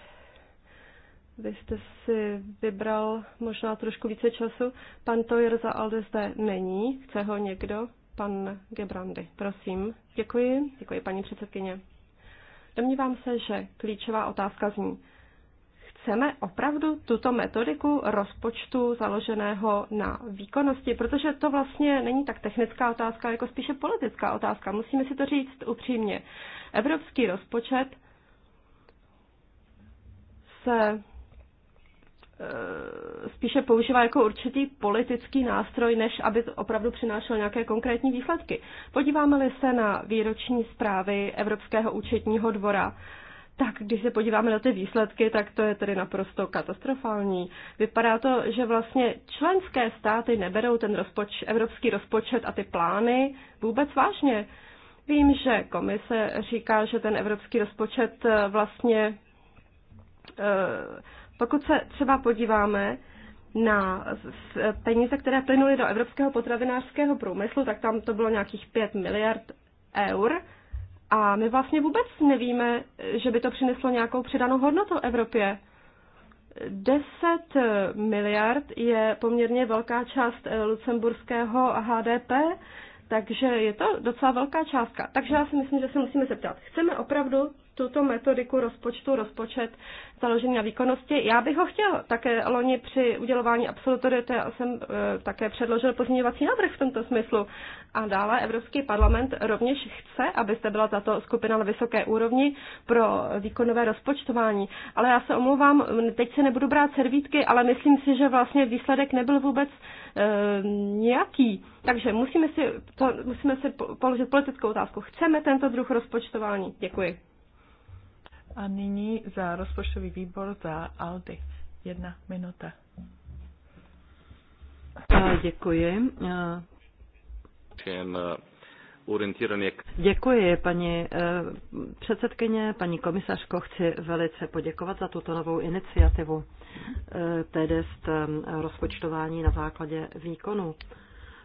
vy jste si vybral možná trošku více času. Pan Tojer za Alde zde není. Chce ho někdo? Pan Gebrandy, prosím. Děkuji, děkuji paní předsedkyně. Domnívám se, že klíčová otázka zní, chceme opravdu tuto metodiku rozpočtu založeného na výkonnosti, protože to vlastně není tak technická otázka, jako spíše politická otázka. Musíme si to říct upřímně. Evropský rozpočet se Eh, spíše používá jako určitý politický nástroj, než aby opravdu přinášel nějaké konkrétní výsledky. Podíváme-li se na výroční zprávy Evropského účetního dvora, tak když se podíváme na ty výsledky, tak to je tedy naprosto katastrofální. Vypadá to, že vlastně členské státy neberou ten rozpoč, evropský rozpočet a ty plány vůbec vážně. Vím, že komise říká, že ten evropský rozpočet eh, vlastně eh, pokud se třeba podíváme na peníze, které plynuly do evropského potravinářského průmyslu, tak tam to bylo nějakých 5 miliard eur. A my vlastně vůbec nevíme, že by to přineslo nějakou přidanou hodnotu Evropě. 10 miliard je poměrně velká část eh, lucemburského HDP, takže je to docela velká částka. Takže já si myslím, že se musíme zeptat, chceme opravdu tuto metodiku rozpočtu, rozpočet založený na výkonnosti. Já bych ho chtěl také loni při udělování absolutoria, jsem e, také předložil pozměňovací návrh v tomto smyslu. A dále Evropský parlament rovněž chce, abyste byla tato skupina na vysoké úrovni pro výkonové rozpočtování. Ale já se omlouvám, teď se nebudu brát servítky, ale myslím si, že vlastně výsledek nebyl vůbec e, nějaký. Takže musíme si, to, musíme si položit politickou otázku. Chceme tento druh rozpočtování? Děkuji. A nyní za rozpočtový výbor za Aldy. Jedna minuta. Děkuji. Eh, děkuji, paní eh, předsedkyně, paní komisařko. Chci velice poděkovat za tuto novou iniciativu, eh, tedy rozpočtování na základě výkonu.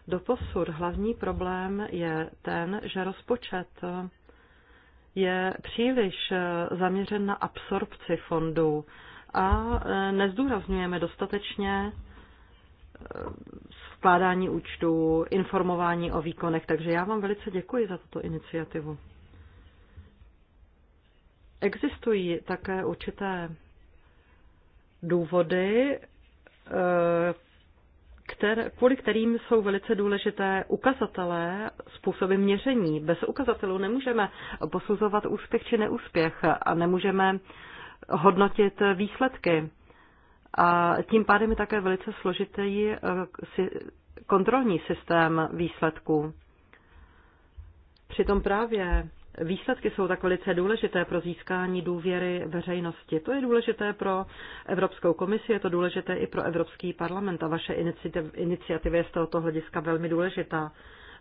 Doposud hlavní problém je ten, že rozpočet je příliš eh, zaměřen na absorpci fondů a eh, nezdůrazňujeme dostatečně eh, skládání účtů, informování o výkonech. Takže já vám velice děkuji za tuto iniciativu. Existují také určité důvody, kter, kvůli kterým jsou velice důležité ukazatelé, způsoby měření. Bez ukazatelů nemůžeme posuzovat úspěch či neúspěch a nemůžeme hodnotit výsledky. A tím pádem je také velice složitý eh, kontrolní systém výsledků. Přitom právě Výsledky jsou tak velice důležité pro získání důvěry veřejnosti. To je důležité pro Evropskou komisi, je to důležité i pro Evropský parlament a vaše iniciativa je z tohoto hlediska velmi důležitá.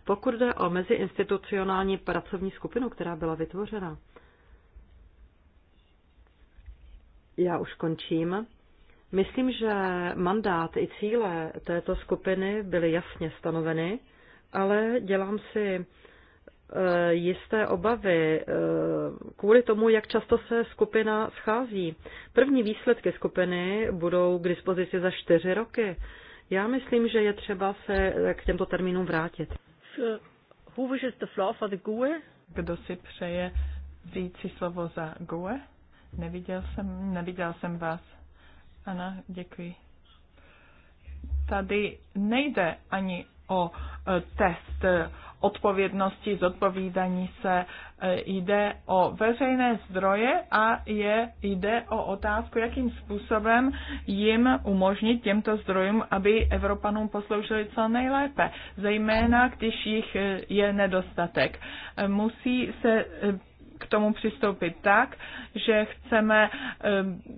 Pokud jde o meziinstitucionální pracovní skupinu, která byla vytvořena, já už končím. Myslím, že mandát i cíle této skupiny byly jasně stanoveny, ale dělám si Eh, jisté obavy eh, kvůli tomu, jak často se skupina schází. První výsledky skupiny budou k dispozici za čtyři roky. Já myslím, že je třeba se k těmto termínům vrátit. GUE? Kdo si přeje vzít si slovo za GUE? Neviděl jsem, neviděl jsem vás. Ano, děkuji. Tady nejde ani o eh, test odpovědnosti, zodpovídání se. E, jde o veřejné zdroje a je, jde o otázku, jakým způsobem jim umožnit těmto zdrojům, aby Evropanům posloužili co nejlépe, zejména když jich e, je nedostatek. E, musí se k tomu přistoupit tak, že chceme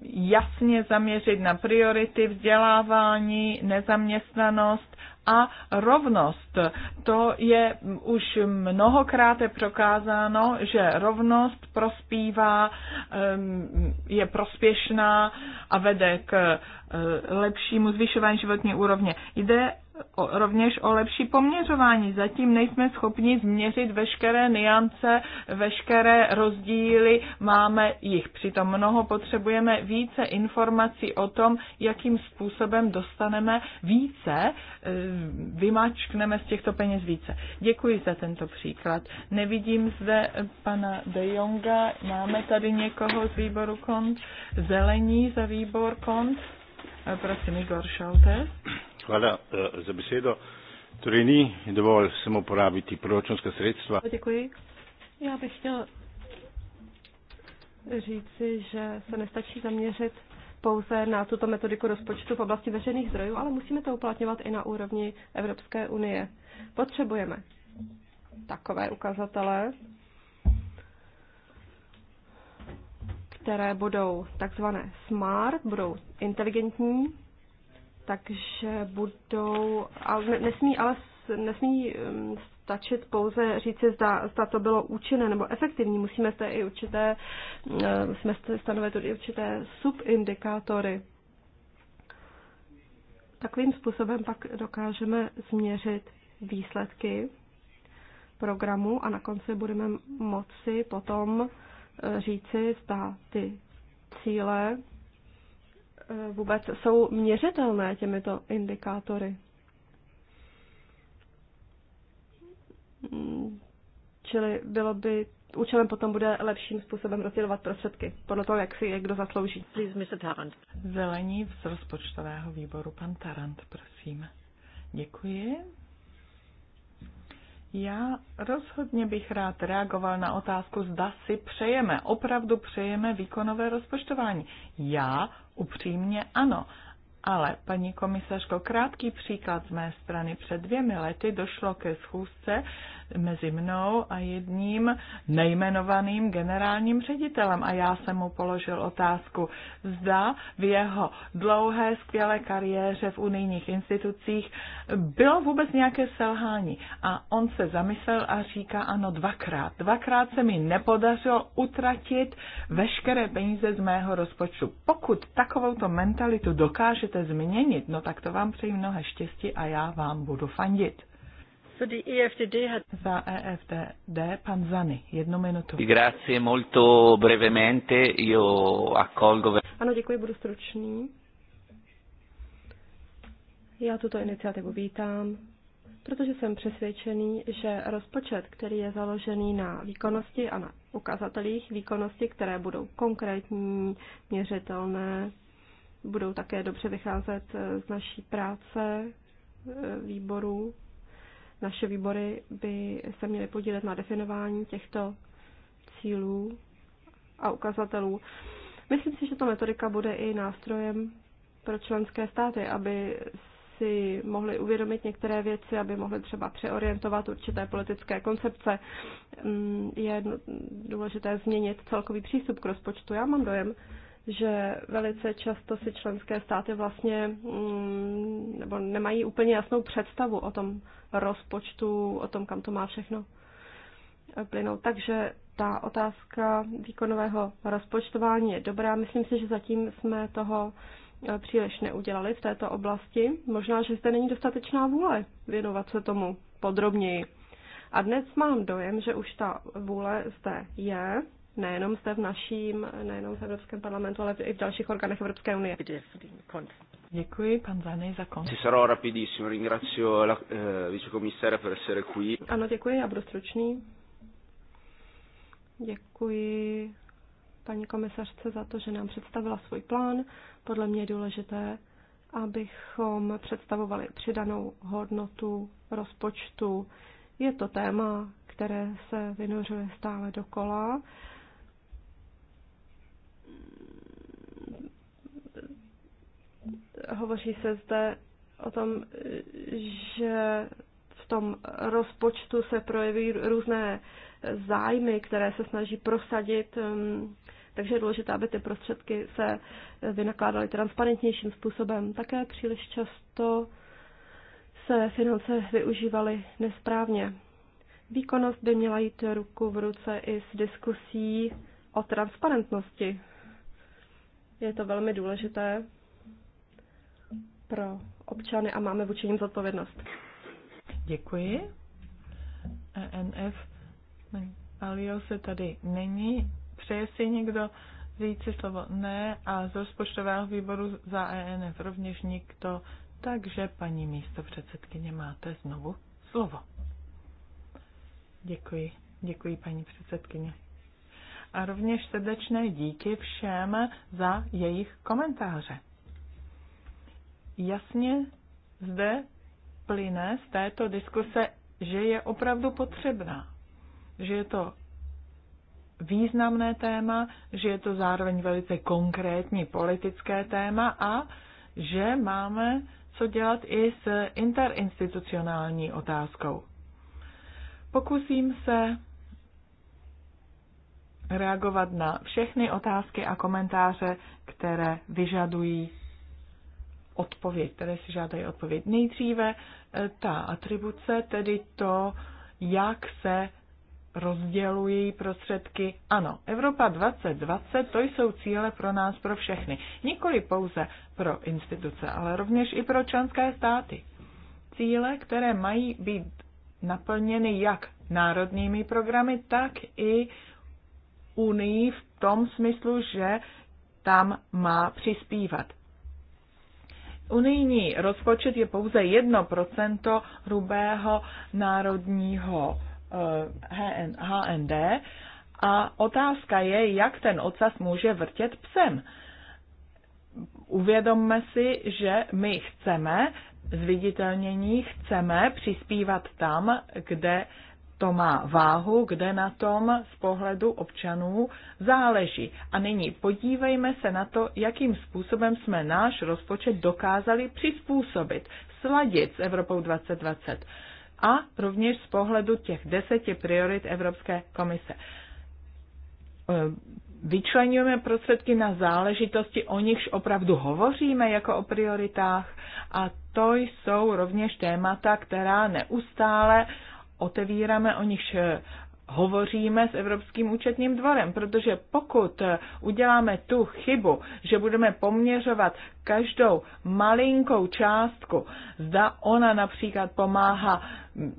jasně zaměřit na priority vzdělávání, nezaměstnanost a rovnost. To je už mnohokrát prokázáno, že rovnost prospívá, je prospěšná a vede k eh, lepšímu zvyšování životní úrovně. Jde o, rovněž o lepší poměřování. Zatím nejsme schopni změřit veškeré niance, veškeré rozdíly, máme jich přitom mnoho, potřebujeme více informací o tom, jakým způsobem dostaneme více, e, vymačkneme z těchto peněz více. Děkuji za tento příklad. Nevidím zde pana De Jonga, máme tady někoho z výboru KONT, zelení za výbor KONT. E, prosím, Igor Šaltes. Hvala eh, za besedo. Torej ni dovolj samo porabiti proračunska sredstva. Děkuji. Já bych chtěl říci, že se nestačí zaměřit pouze na tuto metodiku rozpočtu v oblasti veřejných zdrojů, ale musíme to uplatňovat i na úrovni Evropské unie. Potřebujeme takové ukazatele, které budou takzvané smart, budou inteligentní takže budou, ale nesmí, ale nesmí um, stačit pouze říci, zda, zda to bylo účinné nebo efektivní. Musíme zde i určité, uh, musíme stanovit i určité subindikátory. Takovým způsobem pak dokážeme změřit výsledky programu a na konci budeme moci potom uh, říci, zda ty cíle Eh, vůbec jsou měřitelné těmito indikátory? Hmm, čili bylo by, účelem potom bude lepším způsobem rozdělovat prostředky, podle toho, jak si je kdo zaslouží. Tarant. Zelení z rozpočtového výboru, pan Tarant, prosím. Děkuji. Já rozhodně bych rád reagoval na otázku, zda si přejeme, opravdu přejeme výkonové rozpočtování. Já Upřímně ano. Ale, paní komisařko, krátký příklad z mé strany. Před dvěmi lety došlo ke schůzce mezi mnou a jedním nejmenovaným generálním ředitelem. A já jsem mu položil otázku, zda v jeho dlouhé, skvělé kariéře v unijních institucích bylo vůbec nějaké selhání. A on se zamyslel a říká, ano, dvakrát. Dvakrát se mi nepodařilo utratit veškeré peníze z mého rozpočtu. Pokud takovouto mentalitu dokážete změnit, no tak to vám přeji mnohé štěstí a já vám budu fandit. So the EFTD had... Za EFTD, pan Zany, jednu minutu. Grazie, molto brevemente, io accolgo... Ano, děkuji, budu stručný. Já tuto iniciativu vítám, protože jsem přesvědčený, že rozpočet, který je založený na výkonnosti a na ukazatelích výkonnosti, které budou konkrétní, měřitelné, budou také dobře vycházet z naší práce e, výboru naše výbory by se měly podílet na definování těchto cílů a ukazatelů. Myslím si, že ta metodika bude i nástrojem pro členské státy, aby si mohli uvědomit některé věci, aby mohli třeba přeorientovat určité politické koncepce. Mm, je důležité změnit celkový přístup k rozpočtu. Já mám dojem, že velice často si členské státy vlastně mm, nebo nemají úplně jasnou představu o tom, rozpočtu, o tom, kam to má všechno eh, plynout. Takže ta otázka výkonového rozpočtování je dobrá. Myslím si, že zatím jsme toho eh, příliš neudělali v této oblasti. Možná, že zde není dostatečná vůle věnovat se tomu podrobněji. A dnes mám dojem, že už ta vůle zde je, nejenom zde v naším, nejenom v Evropském parlamentu, ale i v dalších orgánech Evropské unie. Děkuji, pan Zane, za konec. Sarò la eh, per essere qui. Ano, děkuji, já budu stručný. Děkuji paní komisařce za to, že nám představila svůj plán. Podle mě je důležité, abychom představovali přidanou hodnotu rozpočtu. Je to téma, které se vynořuje stále dokola. kola. Hovoří se zde o tom, že v tom rozpočtu se projeví různé zájmy, které se snaží prosadit, um, takže je důležité, aby ty prostředky se vynakládaly transparentnějším způsobem. Také příliš často se finance využívaly nesprávně. Výkonnost by měla jít ruku v ruce i s diskusí o transparentnosti. Je to velmi důležité, pro občany a máme vůči ním zodpovědnost. Děkuji. ENF Alio se tady není. Přeje si někdo říci slovo ne a z rozpočtového výboru za ENF rovněž nikdo. Takže paní místo předsedkyně máte znovu slovo. Děkuji. Děkuji paní předsedkyně. A rovněž srdečné díky všem za jejich komentáře jasně zde plyne z této diskuse, že je opravdu potřebná, že je to významné téma, že je to zároveň velice konkrétní politické téma a že máme co dělat i s interinstitucionální otázkou. Pokusím se reagovat na všechny otázky a komentáře, které vyžadují odpověď, které si žádají odpověď. Nejdříve e, ta atribuce, tedy to, jak se rozdělují prostředky. Ano, Evropa 2020, to jsou cíle pro nás, pro všechny. Nikoli pouze pro instituce, ale rovněž i pro členské státy. Cíle, které mají být naplněny jak národními programy, tak i Unii v tom smyslu, že tam má přispívat. Unijní rozpočet je pouze 1% hrubého národního HND eh, a otázka je, jak ten ocas může vrtět psem. Uvědomme si, že my chceme zviditelnění, chceme přispívat tam, kde to má váhu, kde na tom z pohledu občanů záleží. A nyní podívejme se na to, jakým způsobem jsme náš rozpočet dokázali přizpůsobit, sladit s Evropou 2020 a rovněž z pohledu těch deseti priorit Evropské komise. E, vyčlenujeme prostředky na záležitosti, o nichž opravdu hovoříme jako o prioritách a to jsou rovněž témata, která neustále otevíráme, o nichž eh, hovoříme s Evropským účetním dvorem, protože pokud eh, uděláme tu chybu, že budeme poměřovat každou malinkou částku, zda ona například pomáhá mm,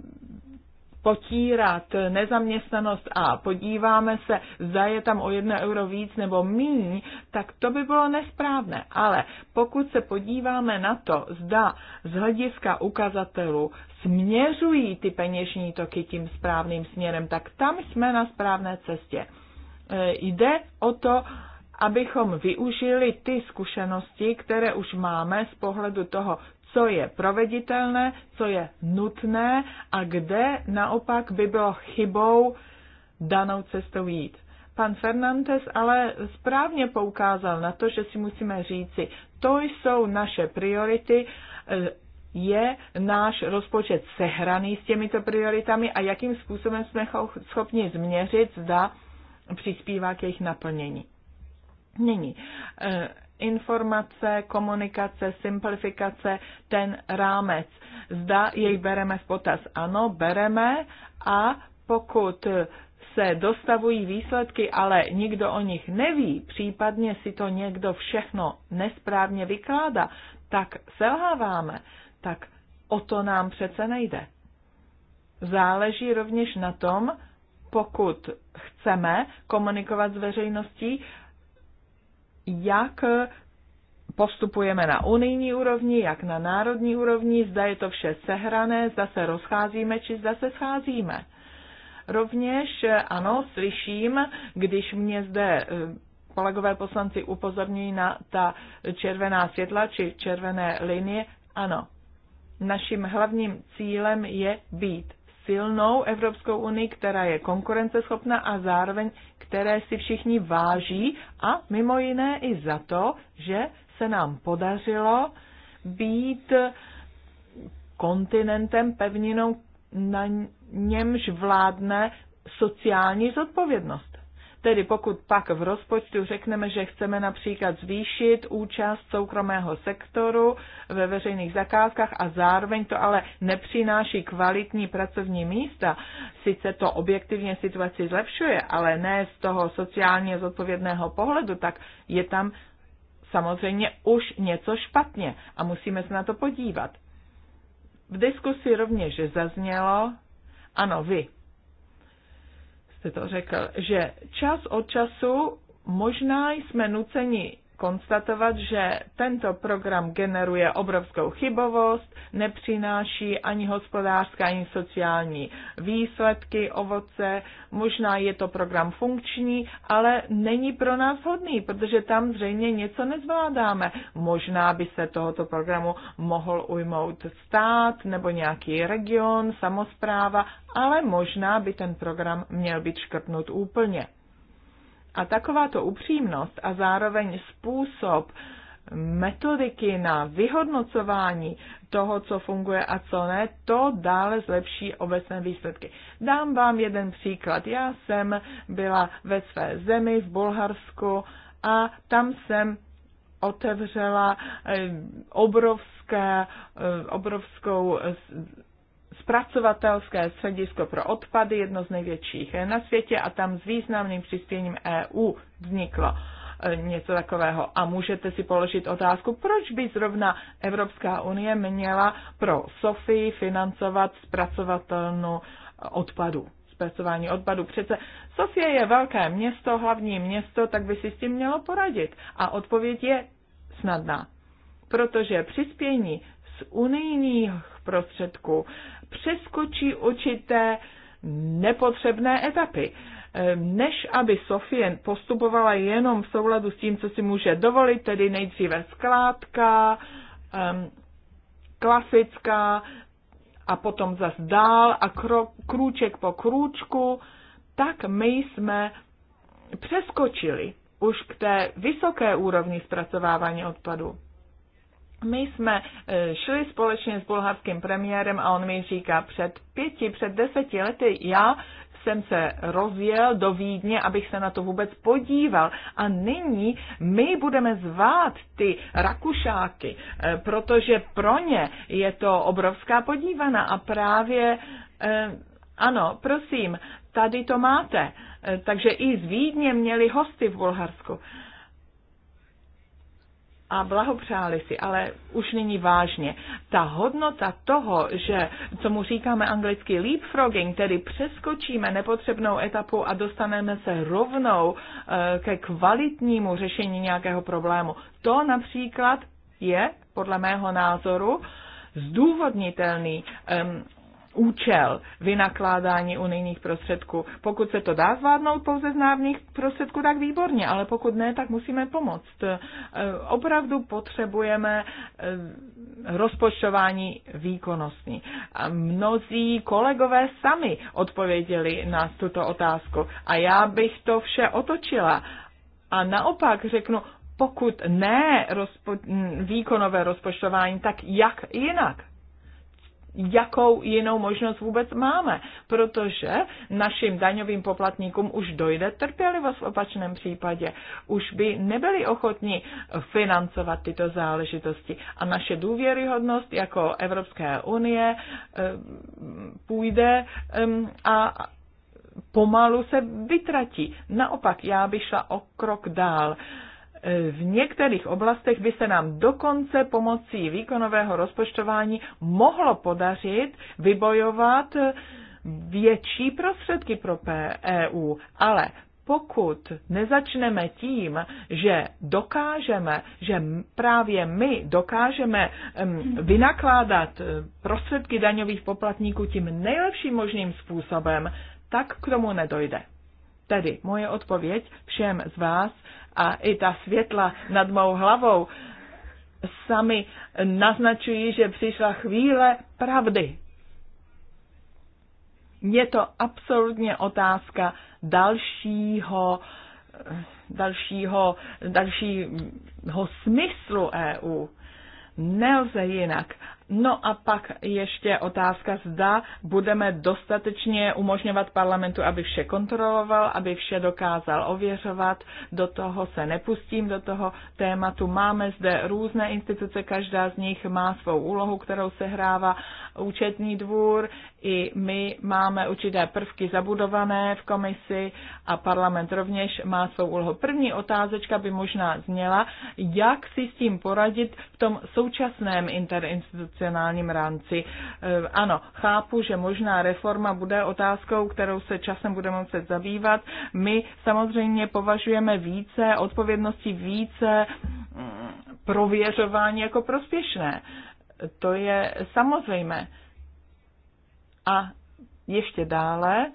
potírat eh, nezaměstnanost a podíváme se, zda je tam o jedno euro víc nebo míň, tak to by bylo nesprávné. Ale pokud se podíváme na to, zda z hlediska ukazatelů směřují ty peněžní toky tím správným směrem, tak tam jsme na správné cestě. E, jde o to, abychom využili ty zkušenosti, které už máme z pohledu toho, co je proveditelné, co je nutné a kde naopak by bylo chybou danou cestou jít. Pan Fernandez ale správně poukázal na to, že si musíme říci, to jsou naše priority, e, je náš rozpočet sehraný s těmito prioritami a jakým způsobem jsme schopni změřit, zda přispívá k jejich naplnění. Nyní eh, informace, komunikace, simplifikace, ten rámec. Zda jej bereme v potaz? Ano, bereme a pokud se dostavují výsledky, ale nikdo o nich neví, případně si to někdo všechno nesprávně vykládá, tak selháváme tak o to nám přece nejde. Záleží rovněž na tom, pokud chceme komunikovat s veřejností, jak postupujeme na unijní úrovni, jak na národní úrovni, zda je to vše sehrané, zda se rozcházíme, či zda se scházíme. Rovněž, ano, slyším, když mě zde eh, kolegové poslanci upozorní na ta červená světla či červené linie, ano, naším hlavním cílem je být silnou Evropskou unii, která je konkurenceschopná a zároveň které si všichni váží a mimo jiné i za to, že se nám podařilo být kontinentem, pevninou, na němž vládne sociální zodpovědnost. Tedy pokud pak v rozpočtu řekneme, že chceme například zvýšit účast soukromého sektoru ve veřejných zakázkách a zároveň to ale nepřináší kvalitní pracovní místa, sice to objektivně situaci zlepšuje, ale ne z toho sociálně zodpovědného pohledu, tak je tam samozřejmě už něco špatně a musíme se na to podívat. V diskusi rovněž zaznělo, ano, vy, to řekl, že čas od času možná jsme nuceni konstatovat, že tento program generuje obrovskou chybovost, nepřináší ani hospodářské, ani sociální výsledky, ovoce. Možná je to program funkční, ale není pro nás hodný, protože tam zřejmě něco nezvládáme. Možná by se tohoto programu mohl ujmout stát nebo nějaký region, samozpráva, ale možná by ten program měl být škrtnut úplně. A takováto upřímnost a zároveň způsob metodiky na vyhodnocování toho, co funguje a co ne, to dále zlepší obecné výsledky. Dám vám jeden příklad. Já jsem byla ve své zemi v Bulharsku a tam jsem otevřela eh, obrovské, eh, obrovskou eh, zpracovatelské středisko pro odpady, jedno z největších na světě a tam s významným přispěním EU vzniklo e, něco takového. A můžete si položit otázku, proč by zrovna Evropská unie měla pro Sofii financovat zpracovatelnu odpadu zpracování odpadu. Přece Sofie je velké město, hlavní město, tak by si s tím mělo poradit. A odpověď je snadná. Protože přispění z unijních prostředků přeskočí určité nepotřebné etapy. Ehm, než aby Sofie postupovala jenom v souladu s tím, co si může dovolit, tedy nejdříve skládka, ehm, klasická a potom zas dál a krok, krůček po krůčku, tak my jsme přeskočili už k té vysoké úrovni zpracovávání odpadu my jsme e, šli společně s bulharským premiérem a on mi říká, před pěti, před deseti lety já jsem se rozjel do Vídně, abych se na to vůbec podíval. A nyní my budeme zvát ty rakušáky, e, protože pro ně je to obrovská podívaná. a právě e, ano, prosím, tady to máte. Takže i z Vídně měli hosty v Bulharsku a blahopřáli si, ale už nyní vážně. Ta hodnota toho, že, co mu říkáme anglicky leapfrogging, tedy přeskočíme nepotřebnou etapu a dostaneme se rovnou eh, ke kvalitnímu řešení nějakého problému, to například je, podle mého názoru, zdůvodnitelný um, účel vynakládání unijních prostředků. Pokud se to dá zvládnout pouze z návních prostředků, tak výborně, ale pokud ne, tak musíme pomoct. E, opravdu potřebujeme e, rozpočtování výkonnostní. A mnozí kolegové sami odpověděli na tuto otázku a já bych to vše otočila. A naopak řeknu, pokud ne rozpo, výkonové rozpočtování, tak jak jinak? jakou jinou možnost vůbec máme, protože našim daňovým poplatníkům už dojde trpělivost v opačném případě. Už by nebyli ochotni financovat tyto záležitosti a naše důvěryhodnost jako Evropské unie eh, půjde a pomalu se vytratí. Naopak, já bych šla o krok dál v některých oblastech by se nám dokonce pomocí výkonového rozpočtování mohlo podařit vybojovat větší prostředky pro EU, ale pokud nezačneme tím, že dokážeme, že právě my dokážeme vynakládat eh, prostředky daňových poplatníků tím nejlepším možným způsobem, tak k tomu nedojde. Tedy moje odpověď všem z vás a i ta světla nad mou hlavou sami naznačují, že přišla chvíle pravdy. Je to absolutně otázka dalšího, dalšího, dalšího smyslu EU. Nelze jinak. No a pak ještě otázka, zda budeme dostatečně umožňovat parlamentu, aby vše kontroloval, aby vše dokázal ověřovat. Do toho se nepustím, do toho tématu. Máme zde různé instituce, každá z nich má svou úlohu, kterou se hrává účetní dvůr. I my máme určité prvky zabudované v komisi a parlament rovněž má svou úlohu. První otázečka by možná zněla, jak si s tím poradit v tom současném interinstitucionálním institucionálním rámci. E, ano, chápu, že možná reforma bude otázkou, kterou se časem budeme muset zabývat. My samozřejmě považujeme více odpovědnosti, více mm, prověřování jako prospěšné. To je samozřejmé. A ještě dále,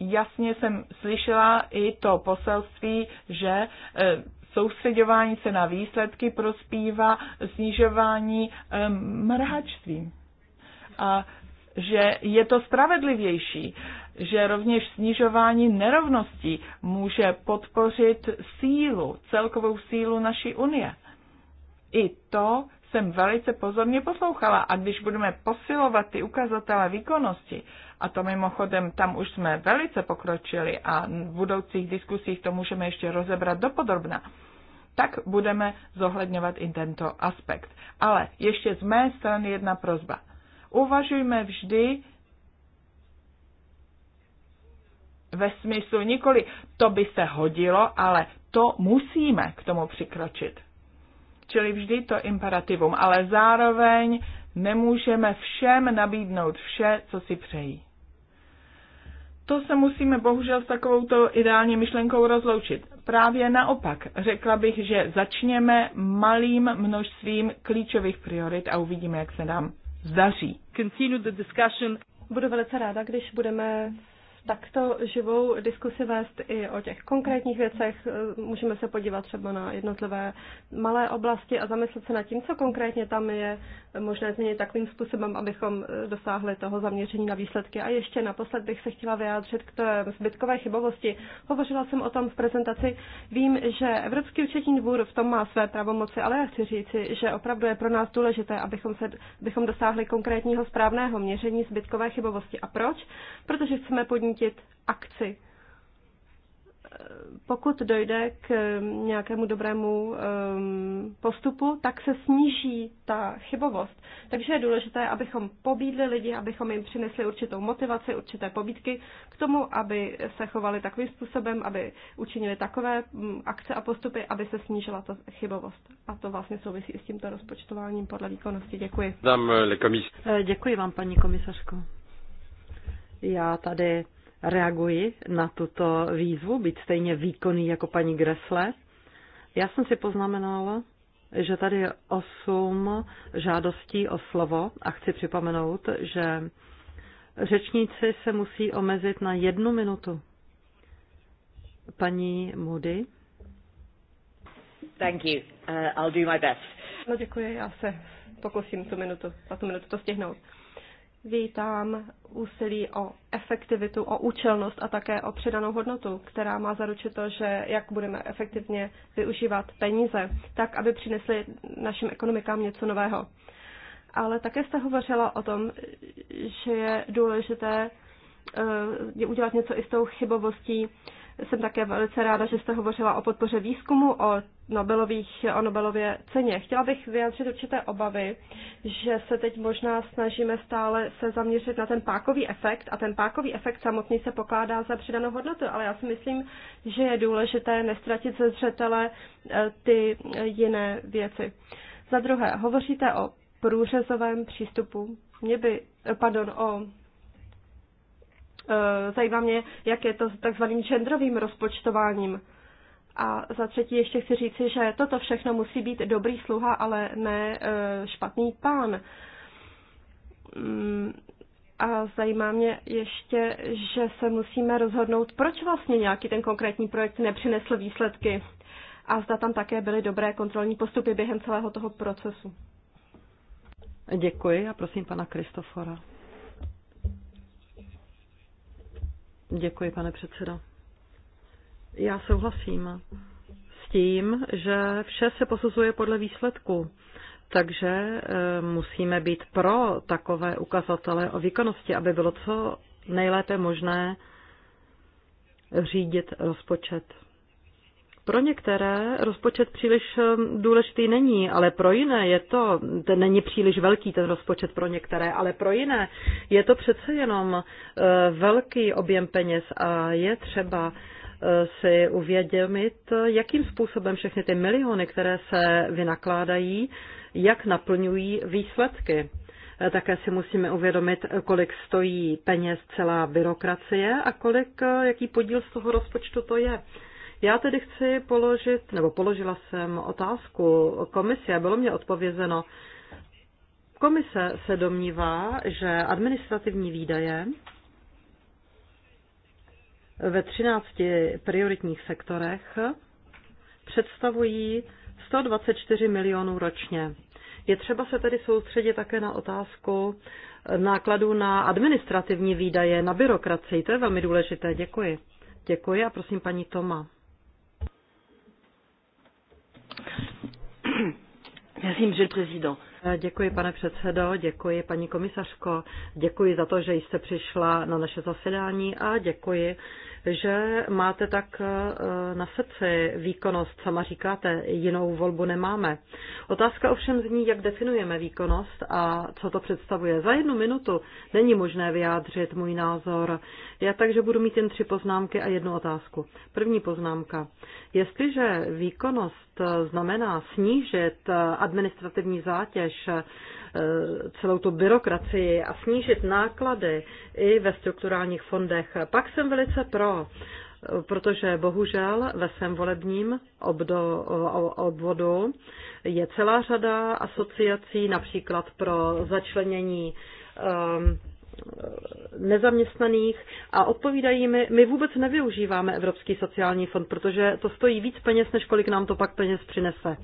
jasně jsem slyšela i to poselství, že e, soustředování se na výsledky prospívá snižování mrhačství. A že je to spravedlivější, že rovněž snižování nerovností může podpořit sílu, celkovou sílu naší unie. I to jsem velice pozorně poslouchala a když budeme posilovat ty ukazatele výkonnosti, a to mimochodem tam už jsme velice pokročili a v budoucích diskusích to můžeme ještě rozebrat dopodrobna, tak budeme zohledňovat i tento aspekt. Ale ještě z mé strany jedna prozba. Uvažujme vždy ve smyslu nikoli to by se hodilo, ale to musíme k tomu přikročit. Čili vždy to imperativum, ale zároveň nemůžeme všem nabídnout vše, co si přejí. To se musíme bohužel s takovouto ideální myšlenkou rozloučit právě naopak. Řekla bych, že začněme malým množstvím klíčových priorit a uvidíme, jak se nám zdaří. Continue the discussion. Budu velice ráda, když budeme takto živou diskusi vést i o těch konkrétních věcech. Můžeme se podívat třeba na jednotlivé malé oblasti a zamyslet se nad tím, co konkrétně tam je možné změnit takovým způsobem, abychom dosáhli toho zaměření na výsledky. A ještě naposled bych se chtěla vyjádřit k té zbytkové chybovosti. Hovořila jsem o tom v prezentaci. Vím, že Evropský účetní dvůr v tom má své pravomoci, ale já chci říci, že opravdu je pro nás důležité, abychom, se, abychom dosáhli konkrétního správného měření zbytkové chybovosti. A proč? Protože chceme podnít podnítit akci. Pokud dojde k nějakému dobrému ehm, postupu, tak se sníží ta chybovost. Takže je důležité, abychom pobídli lidi, abychom jim přinesli určitou motivaci, určité pobídky k tomu, aby se chovali takovým způsobem, aby učinili takové mm, akce a postupy, aby se snížila ta chybovost. A to vlastně souvisí s tímto rozpočtováním podle výkonnosti. Děkuji. Eh, děkuji vám, paní komisařko. Já tady reaguji na tuto výzvu, být stejně výkonný jako paní Gresle. Já jsem si poznamenala, že tady je osm žádostí o slovo a chci připomenout, že řečníci se musí omezit na jednu minutu. Paní Moody. Thank you. Uh, I'll do my best. No děkuji, já se pokusím tu minutu, za tu minutu to stihnout. Vítám úsilí o efektivitu, o účelnost a také o přidanou hodnotu, která má zaručit to, že jak budeme efektivně využívat peníze, tak aby přinesly našim ekonomikám něco nového. Ale také jste hovořila o tom, že je důležité eh, udělat něco i s tou chybovostí jsem také velice ráda, že jste hovořila o podpoře výzkumu, o, Nobelových, o Nobelově ceně. Chtěla bych vyjádřit určité obavy, že se teď možná snažíme stále se zaměřit na ten pákový efekt a ten pákový efekt samotný se pokládá za přidanou hodnotu, ale já si myslím, že je důležité nestratit ze zřetele eh, ty jiné věci. Za druhé, hovoříte o průřezovém přístupu. Mě by, eh, pardon, o Eh, zajímá mě, jak je to s takzvaným genderovým rozpočtováním. A za třetí ještě chci říci, že toto všechno musí být dobrý sluha, ale ne eh, špatný pán. Mm, a zajímá mě ještě, že se musíme rozhodnout, proč vlastně nějaký ten konkrétní projekt nepřinesl výsledky a zda tam také byly dobré kontrolní postupy během celého toho procesu. Děkuji a prosím pana Kristofora. Děkuji, pane předsedo. Já souhlasím s tím, že vše se posuzuje podle výsledku. Takže eh, musíme být pro takové ukazatele o výkonnosti, aby bylo co nejlépe možné řídit rozpočet. Pro některé rozpočet příliš ehm, důležitý není, ale pro jiné je to, ten není příliš velký ten rozpočet pro některé, ale pro jiné je to přece jenom eh, velký objem peněz a je třeba eh, si uvědomit, jakým způsobem všechny ty miliony, které se vynakládají, jak naplňují výsledky. Eh, také si musíme uvědomit, kolik stojí peněz celá byrokracie a kolik, jaký podíl z toho rozpočtu to je. Já tedy chci položit, nebo položila jsem otázku komisi a bylo mě odpovězeno. Komise se domnívá, že administrativní výdaje ve 13 prioritních sektorech představují 124 milionů ročně. Je třeba se tedy soustředit také na otázku nákladů na administrativní výdaje, na byrokracii. To je velmi důležité. Děkuji. Děkuji a prosím paní Toma. Eh, děkuji, pane předsedo, děkuji, paní komisařko, děkuji za to, že jste přišla na naše zasedání a děkuji, že máte tak eh, na srdci výkonnost. Sama říkáte, jinou volbu nemáme. Otázka ovšem zní, jak definujeme výkonnost a co to představuje. Za jednu minutu není možné vyjádřit můj názor. Já takže budu mít jen tři poznámky a jednu otázku. První poznámka. Jestliže výkonnost znamená snížit administrativní zátěž, eh, celou tu byrokracii a snížit náklady i ve strukturálních fondech, pak jsem velice pro protože bohužel ve svém volebním obdo, obvodu je celá řada asociací, například pro začlenění um, nezaměstnaných a odpovídají mi, my vůbec nevyužíváme Evropský sociální fond, protože to stojí víc peněz, než kolik nám to pak peněz přinese.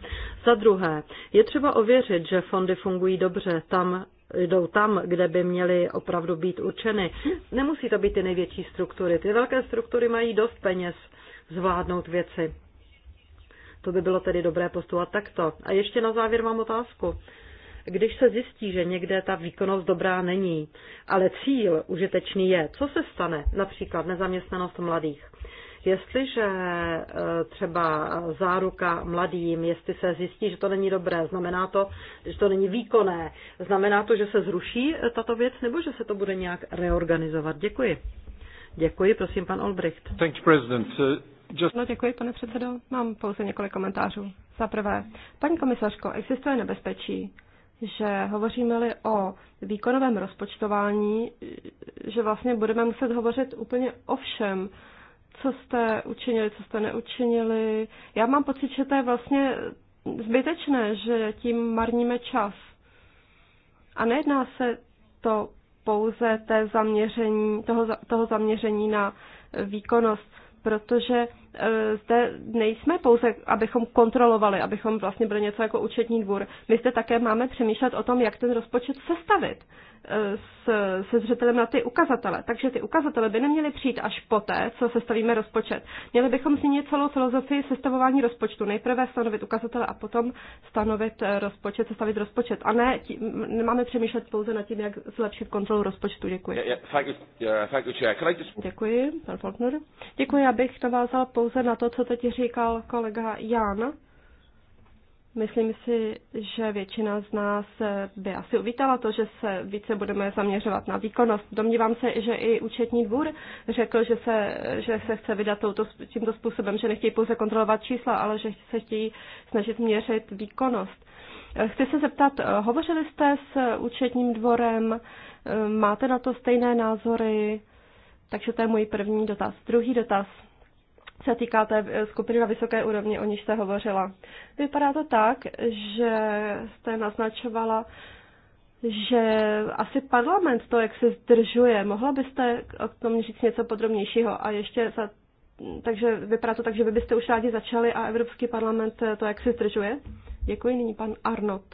Za druhé, je třeba ověřit, že fondy fungují dobře tam, jdou tam, kde by měly opravdu být určeny. Nemusí to být ty největší struktury. Ty velké struktury mají dost peněz zvládnout věci. To by bylo tedy dobré postovat takto. A ještě na závěr mám otázku když se zjistí, že někde ta výkonnost dobrá není. Ale cíl užitečný je, co se stane, například nezaměstnanost mladých. Jestliže e, třeba záruka mladým, jestli se zjistí, že to není dobré, znamená to, že to není výkonné, znamená to, že se zruší e, tato věc, nebo že se to bude nějak reorganizovat? Děkuji. Děkuji, prosím, pan Olbricht. Thank you, President. Uh, just... No, děkuji, pane předsedo. Mám pouze několik komentářů. Za prvé, paní komisařko, existuje nebezpečí, že hovoříme-li o výkonovém rozpočtování, že vlastně budeme muset hovořit úplně o všem, co jste učinili, co jste neučinili. Já mám pocit, že to je vlastně zbytečné, že tím marníme čas. A nejedná se to pouze té zaměření, toho, toho zaměření na výkonnost, protože Eh, zde nejsme pouze, abychom kontrolovali, abychom vlastně byli něco jako účetní dvůr. My zde také máme přemýšlet o tom, jak ten rozpočet sestavit eh, se, se zřetelem na ty ukazatele. Takže ty ukazatele by neměly přijít až poté, co sestavíme rozpočet. Měli bychom změnit celou filozofii sestavování rozpočtu. Nejprve stanovit ukazatele a potom stanovit eh, rozpočet, sestavit rozpočet. A ne, tím, nemáme přemýšlet pouze nad tím, jak zlepšit kontrolu rozpočtu. Děkuji. Děkuji, pan Faulkner. Děkuji, abych navázal po pouze na to, co teď říkal kolega Jan. Myslím si, že většina z nás by asi uvítala to, že se více budeme zaměřovat na výkonnost. Domnívám se, že i účetní dvůr řekl, že se, že se chce vydat touto, tímto způsobem, že nechtějí pouze kontrolovat čísla, ale že se chtějí snažit měřit výkonnost. Chci se zeptat, hovořili jste s účetním dvorem, máte na to stejné názory? Takže to je můj první dotaz. Druhý dotaz se týká té skupiny na vysoké úrovni, o níž jste hovořila. Vypadá to tak, že jste naznačovala, že asi parlament to, jak se zdržuje. Mohla byste o tom říct něco podrobnějšího? A ještě za, takže vypadá to tak, že vy byste už rádi začali a Evropský parlament to, jak se zdržuje? Děkuji, nyní pan Arnott.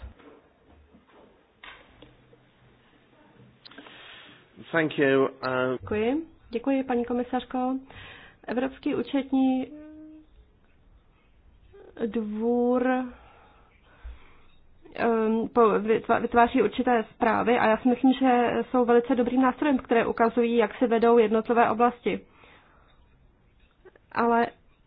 Thank you. Uh... Děkuji. Děkuji, paní komisařko. Evropský účetní dvůr um, vytváří určité zprávy a já si myslím, že jsou velice dobrým nástrojem, které ukazují, jak se vedou jednotlivé oblasti. Ale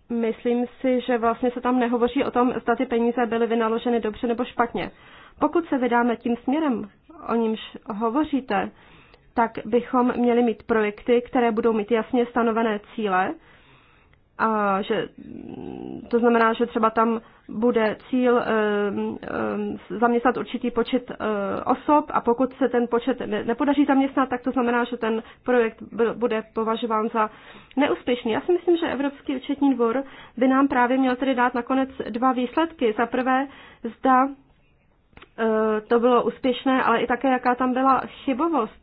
myslím si, že vlastně se tam nehovoří o tom, zda ty peníze byly vynaloženy dobře nebo špatně. Pokud se vydáme tím směrem, o nímž hovoříte, tak bychom měli mít projekty, které budou mít jasně stanovené cíle. A že, to znamená, že třeba tam bude cíl eh, eh, zaměstnat určitý počet eh, osob a pokud se ten počet nepodaří zaměstnat, tak to znamená, že ten projekt bude považován za neúspěšný. Já si myslím, že Evropský účetní dvor by nám právě měl tedy dát nakonec dva výsledky. Za prvé, zda to bylo úspěšné, ale i také, jaká tam byla chybovost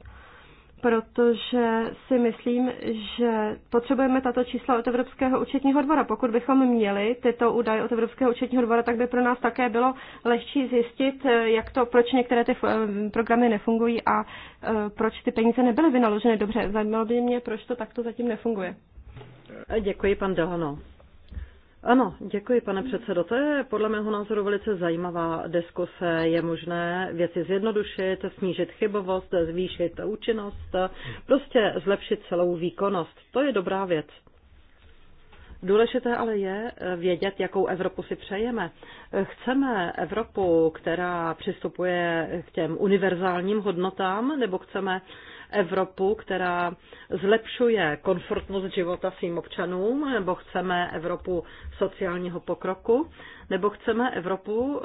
protože si myslím, že potřebujeme tato čísla od Evropského účetního dvora. Pokud bychom měli tyto údaje od Evropského účetního dvora, tak by pro nás také bylo lehčí zjistit, jak to, proč některé ty eh, programy nefungují a eh, proč ty peníze nebyly vynaloženy dobře. Zajímalo by mě, proč to takto zatím nefunguje. Děkuji, pan Delano. Ano, děkuji, pane předsedo. To je podle mého názoru velice zajímavá diskuse. Je možné věci zjednodušit, snížit chybovost, zvýšit účinnost, prostě zlepšit celou výkonnost. To je dobrá věc. Důležité ale je vědět, jakou Evropu si přejeme. Chceme Evropu, která přistupuje k těm univerzálním hodnotám, nebo chceme Evropu, která zlepšuje komfortnost života svým občanům, nebo chceme Evropu sociálního pokroku, nebo chceme Evropu,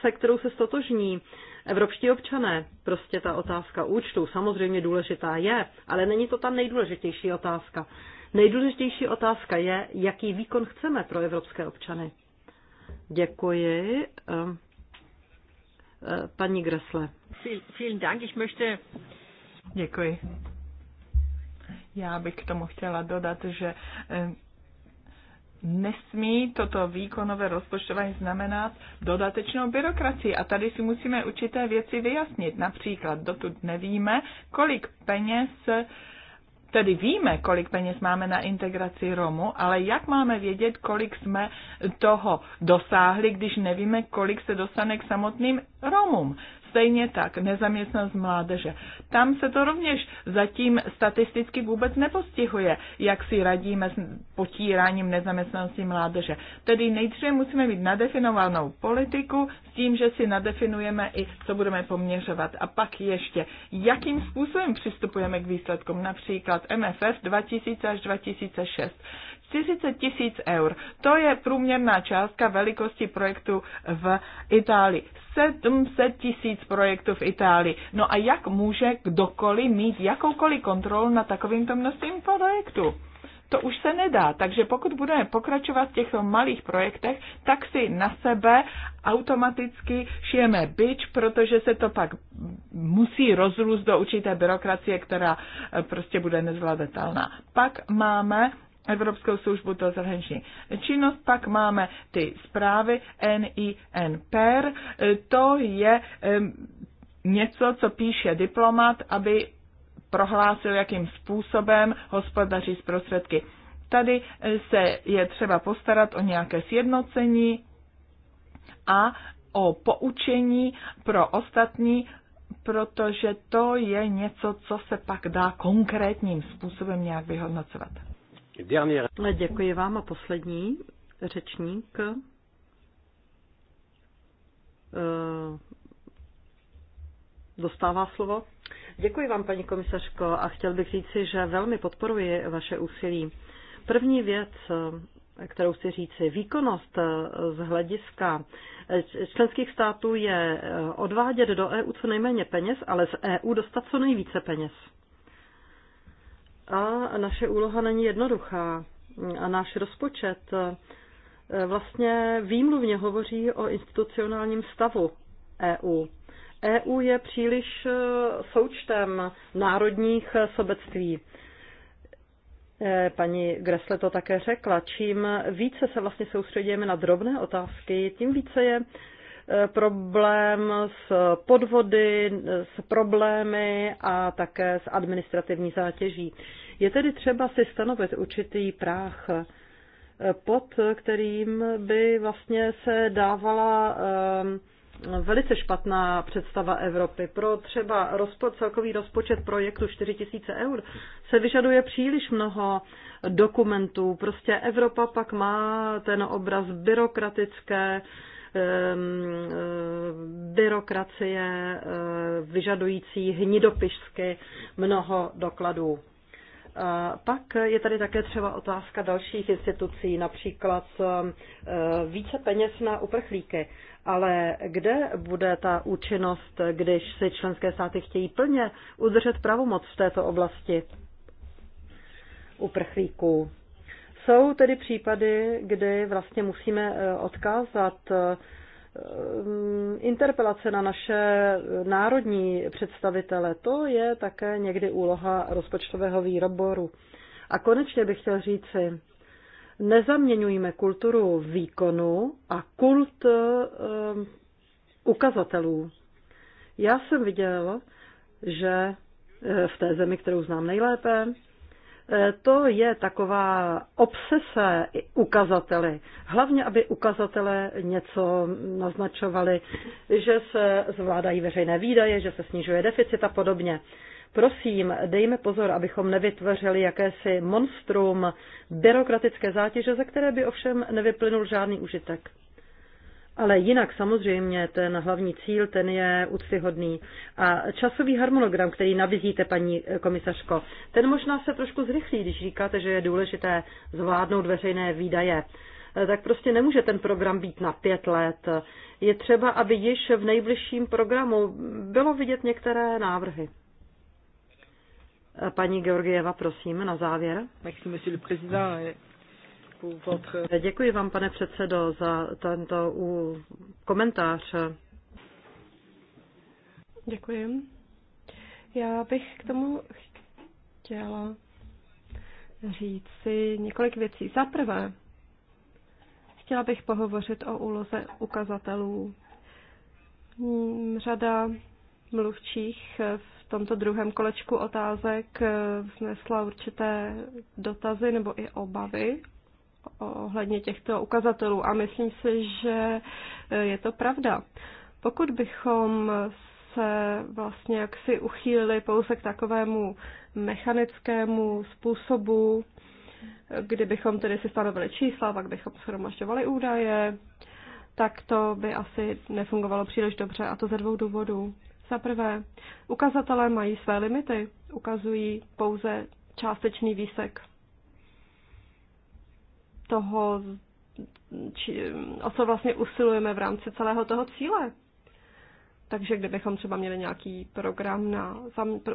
se kterou se stotožní evropští občané. Prostě ta otázka účtu samozřejmě důležitá je, ale není to ta nejdůležitější otázka. Nejdůležitější otázka je, jaký výkon chceme pro evropské občany. Děkuji. Ehm, e, paní Gresle. Vielen Dank. Ich möchte Děkuji. Já bych k tomu chtěla dodat, že eh, nesmí toto výkonové rozpočtování znamenat dodatečnou byrokracii. A tady si musíme určité věci vyjasnit. Například dotud nevíme, kolik peněz Tedy víme, kolik peněz máme na integraci Romu, ale jak máme vědět, kolik jsme toho dosáhli, když nevíme, kolik se dostane k samotným Romům? Stejně tak nezaměstnanost mládeže. Tam se to rovněž zatím statisticky vůbec nepostihuje, jak si radíme s potíráním nezaměstnanosti mládeže. Tedy nejdříve musíme mít nadefinovanou politiku s tím, že si nadefinujeme i, co budeme poměřovat. A pak ještě, jakým způsobem přistupujeme k výsledkům, například MFF 2000 až 2006. 40 tisíc eur. To je průměrná částka velikosti projektu v Itálii. 700 tisíc projektů v Itálii. No a jak může kdokoliv mít jakoukoliv kontrolu na takovýmto množstvím projektů? to už se nedá. Takže pokud budeme pokračovat v těchto malých projektech, tak si na sebe automaticky šijeme byč, protože se to pak musí rozrůst do určité byrokracie, která eh, prostě bude nezvladatelná. Pak máme Evropskou službu pro zahraniční činnost, pak máme ty zprávy NINPR, e to je něco, co píše diplomat, aby prohlásil, jakým způsobem hospodaří s prostředky. Tady e, se je třeba postarat o nějaké sjednocení a o poučení pro ostatní, protože to je něco, co se pak dá konkrétním způsobem nějak vyhodnocovat. Děkuji vám a poslední řečník. Eh, dostává slovo. Děkuji vám, paní komisařko, a chtěl bych říci, že velmi podporuji vaše úsilí. První věc, eh, kterou chci říci, výkonnost eh, z hlediska členských států je odvádět do EU co nejméně peněz, ale z EU dostat co nejvíce peněz. A naše úloha není jednoduchá. A náš rozpočet eh, vlastně výmluvně hovoří o institucionálním stavu EU. EU je příliš eh, součtem národních eh, sobectví. Paní Gresle to také řekla, čím více se vlastně soustředíme na drobné otázky, tím více je problém s podvody, s problémy a také s administrativní zátěží. Je tedy třeba si stanovit určitý práh, eh, pod kterým by vlastně se dávala eh, velice špatná představa Evropy. Pro třeba rozpočet, celkový rozpočet projektu 4000 eur se vyžaduje příliš mnoho dokumentů. Prostě Evropa pak má ten obraz byrokratické, Ehm, ehm, byrokracie ehm, vyžadující hnidopišsky mnoho dokladů. Eh, pak je tady také třeba otázka dalších institucí, například eh, více peněz na uprchlíky. Ale kde bude ta účinnost, když si členské státy chtějí plně udržet pravomoc v této oblasti uprchlíků? Jsou tedy případy, kdy vlastně musíme eh, odkázat eh, mm, interpelace na naše národní představitele. To je také někdy úloha rozpočtového výboru. A konečně bych chtěl říci, nezaměňujme kulturu výkonu a kult um, ukazatelů. Já jsem viděl, že v té zemi, kterou znám nejlépe, Eh, to je taková obsese ukazateli. Hlavně, aby ukazatele něco naznačovali, že se zvládají veřejné výdaje, že se snižuje deficit a podobně. Prosím, dejme pozor, abychom nevytvořili jakési monstrum byrokratické zátěže, ze které by ovšem nevyplynul žádný užitek. Ale jinak samozřejmě ten hlavní cíl, ten je úctyhodný. A časový harmonogram, který nabízíte, paní komisařko, ten možná se trošku zrychlí, když říkáte, že je důležité zvládnout veřejné výdaje eh, tak prostě nemůže ten program být na pět let. Je třeba, aby již v nejbližším programu bylo vidět některé návrhy. Eh, paní Georgieva, prosím, na závěr. Merci, monsieur le président. Děkuji vám, pane předsedo, za tento komentář. Děkuji. Já bych k tomu chtěla říct si několik věcí. Za prvé, chtěla bych pohovořit o úloze ukazatelů. Řada mluvčích v tomto druhém kolečku otázek vznesla určité dotazy nebo i obavy ohledně těchto ukazatelů a myslím si, že eh, je to pravda. Pokud bychom se vlastně jaksi uchýlili pouze k takovému mechanickému způsobu, kdybychom tedy si stanovili čísla, pak bychom shromažďovali údaje, tak to by asi nefungovalo příliš dobře a to ze dvou důvodů. Za prvé, ukazatelé mají své limity, ukazují pouze částečný výsek toho, či, o co vlastně usilujeme v rámci celého toho cíle. Takže kdybychom třeba měli nějaký program na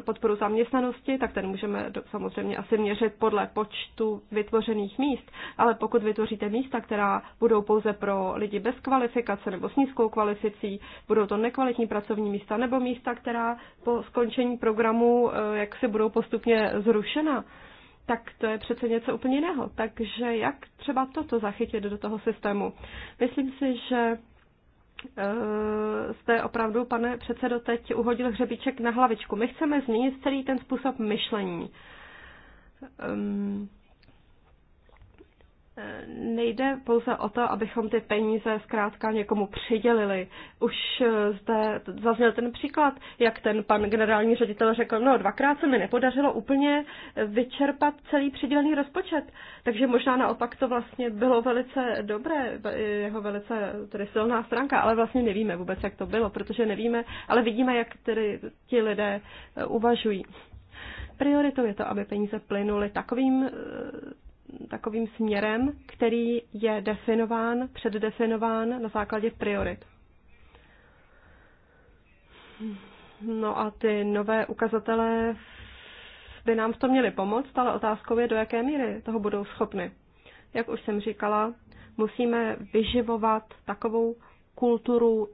podporu zaměstnanosti, tak ten můžeme samozřejmě asi měřit podle počtu vytvořených míst. Ale pokud vytvoříte místa, která budou pouze pro lidi bez kvalifikace nebo s nízkou kvalificí, budou to nekvalitní pracovní místa nebo místa, která po skončení programu eh, jak si budou postupně zrušena, tak to je přece něco úplně jiného. Takže jak třeba toto zachytit do toho systému? Myslím si, že eh, jste opravdu, pane předsedo, teď uhodil hřebíček na hlavičku. My chceme změnit celý ten způsob myšlení. Ehm, nejde pouze o to, abychom ty peníze zkrátka někomu přidělili. Už eh, zde zazněl ten příklad, jak ten pan generální ředitel řekl, no dvakrát se mi nepodařilo úplně vyčerpat celý přidělený rozpočet, takže možná naopak to vlastně bylo velice dobré, eh, jeho velice tedy silná stránka, ale vlastně nevíme vůbec, jak to bylo, protože nevíme, ale vidíme, jak tedy ti lidé eh, uvažují prioritou je to, aby peníze plynuly takovým takovým směrem, který je definován, předdefinován na základě priorit. No a ty nové ukazatele by nám to měly pomoct, ale otázkou je, do jaké míry toho budou schopny. Jak už jsem říkala, musíme vyživovat takovou kulturu,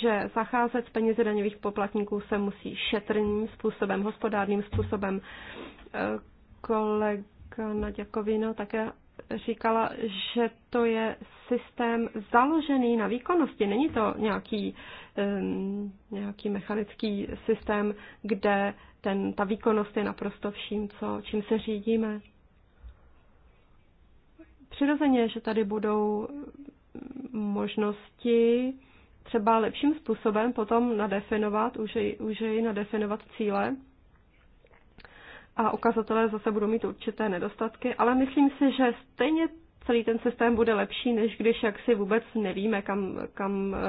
že zacházet s penězi daňových poplatníků se musí šetrným způsobem, hospodárným způsobem. Kolega Eh, Nadia Kovino také říkala, že to je systém založený na výkonnosti. Není to nějaký, um, nějaký mechanický systém, kde ten, ta výkonnost je naprosto vším, co, čím se řídíme. Přirozeně, že tady budou možnosti třeba lepším způsobem potom nadefinovat, už jej, už nadefinovat cíle, a ukazatelé zase budou mít určité nedostatky, ale myslím si, že stejně celý ten systém bude lepší, než když jaksi vůbec nevíme, kam, kam, eh,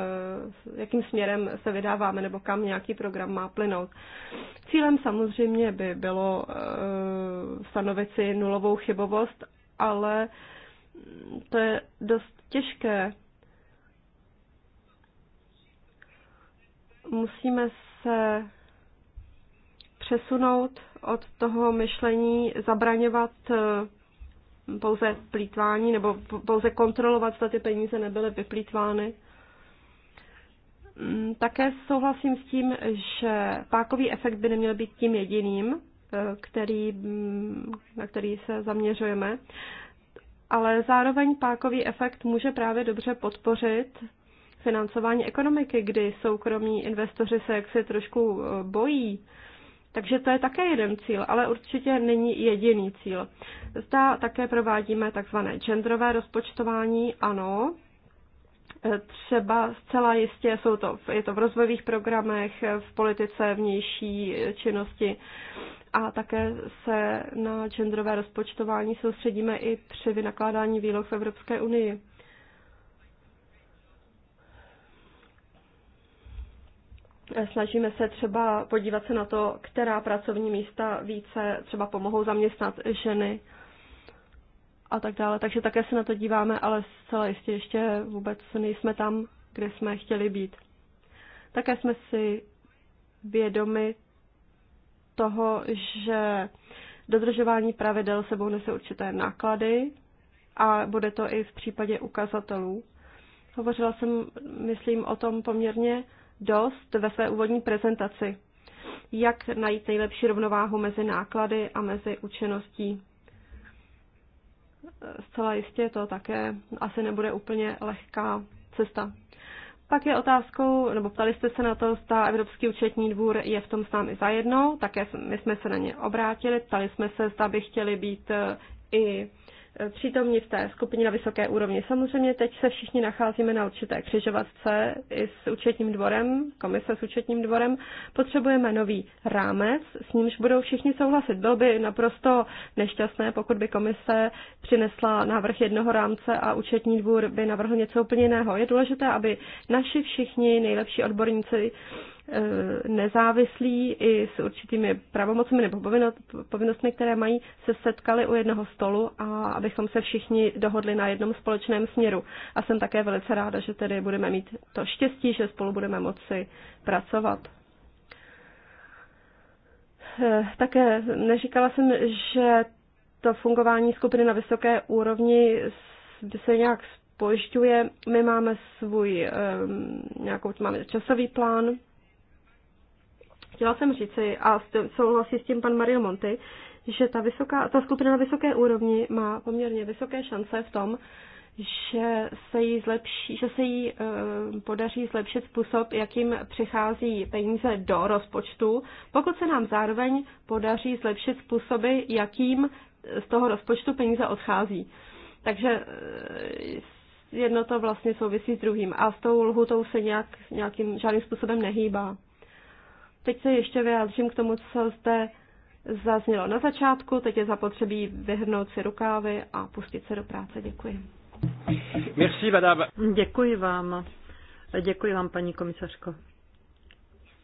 jakým směrem se vydáváme nebo kam nějaký program má plynout. Cílem samozřejmě by bylo eh, stanovit si nulovou chybovost, ale to je dost těžké. Musíme se přesunout od toho myšlení zabraňovat eh, pouze plítvání nebo pouze kontrolovat, zda ty peníze nebyly vyplýtvány. Mm, také souhlasím s tím, že pákový efekt by neměl být tím jediným, eh, který, mm, na který se zaměřujeme, ale zároveň pákový efekt může právě dobře podpořit financování ekonomiky, kdy soukromí investoři se jaksi trošku eh, bojí takže to je také jeden cíl, ale určitě není jediný cíl. Zda také provádíme takzvané genderové rozpočtování, ano, třeba zcela jistě jsou to, je to v rozvojových programech, v politice, vnější činnosti a také se na genderové rozpočtování soustředíme i při vynakládání výloh v Evropské unii. Snažíme se třeba podívat se na to, která pracovní místa více třeba pomohou zaměstnat ženy a tak dále. Takže také se na to díváme, ale zcela jistě ještě vůbec nejsme tam, kde jsme chtěli být. Také jsme si vědomi toho, že dodržování pravidel sebou nese určité náklady a bude to i v případě ukazatelů. Hovořila jsem, myslím, o tom poměrně dost ve své úvodní prezentaci. Jak najít nejlepší rovnováhu mezi náklady a mezi účinností? Zcela jistě to také asi nebude úplně lehká cesta. Pak je otázkou, nebo ptali jste se na to, zda Evropský účetní dvůr je v tom s námi zajedno, také my jsme se na ně obrátili, ptali jsme se, zda by chtěli být eh, i přítomní v té skupině na vysoké úrovni. Samozřejmě teď se všichni nacházíme na určité křižovatce i s účetním dvorem, komise s účetním dvorem. Potřebujeme nový rámec, s nímž budou všichni souhlasit. Bylo by naprosto nešťastné, pokud by komise přinesla návrh jednoho rámce a účetní dvůr by navrhl něco úplně jiného. Je důležité, aby naši všichni nejlepší odborníci Eh, nezávislí i s určitými pravomocmi nebo povinnostmi, které mají, se setkali u jednoho stolu a abychom se všichni dohodli na jednom společném směru. A jsem také velice ráda, že tedy budeme mít to štěstí, že spolu budeme moci pracovat. Eh, také neříkala jsem, že to fungování skupiny na vysoké úrovni se nějak spojišťuje. My máme svůj eh, nějakou, máme časový plán, Chtěla jsem říci, a souhlasí s tím pan Mario Monti, že ta, vysoká, ta skupina na vysoké úrovni má poměrně vysoké šance v tom, že se jí, zlepší, že se jí e, podaří zlepšit způsob, jakým přichází peníze do rozpočtu, pokud se nám zároveň podaří zlepšit způsoby, jakým z toho rozpočtu peníze odchází. Takže e, jedno to vlastně souvisí s druhým a s tou lhutou se nějak, nějakým žádným způsobem nehýbá. Teď se ještě vyjádřím k tomu, co zde zaznělo na začátku. Teď je zapotřebí vyhrnout si rukávy a pustit se do práce. Děkuji. Merci, madame. Děkuji vám. Děkuji vám, paní komisařko.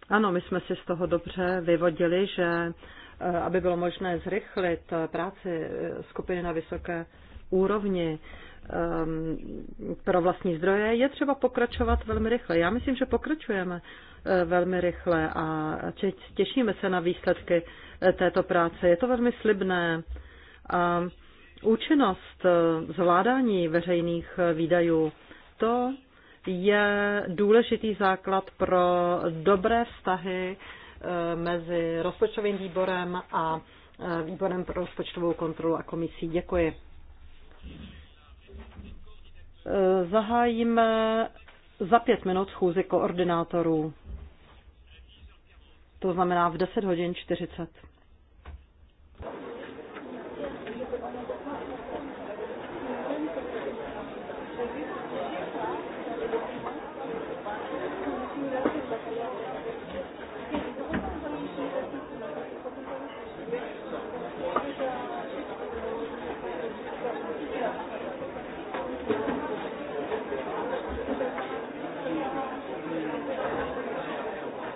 Ano, my jsme si z toho dobře vyvodili, že eh, aby bylo možné zrychlit eh, práci eh, skupiny na vysoké úrovni ehm, pro vlastní zdroje, je třeba pokračovat velmi rychle. Já myslím, že pokračujeme E, velmi rychle a těšíme se na výsledky e, této práce. Je to velmi slibné. A účinnost e, zvládání veřejných výdajů, to je důležitý základ pro dobré vztahy mezi rozpočtovým výborem a výborem pro rozpočtovou kontrolu a komisí. Děkuji. Zahájíme za pět minut schůzi koordinátorů to znamená v 10 hodin 40.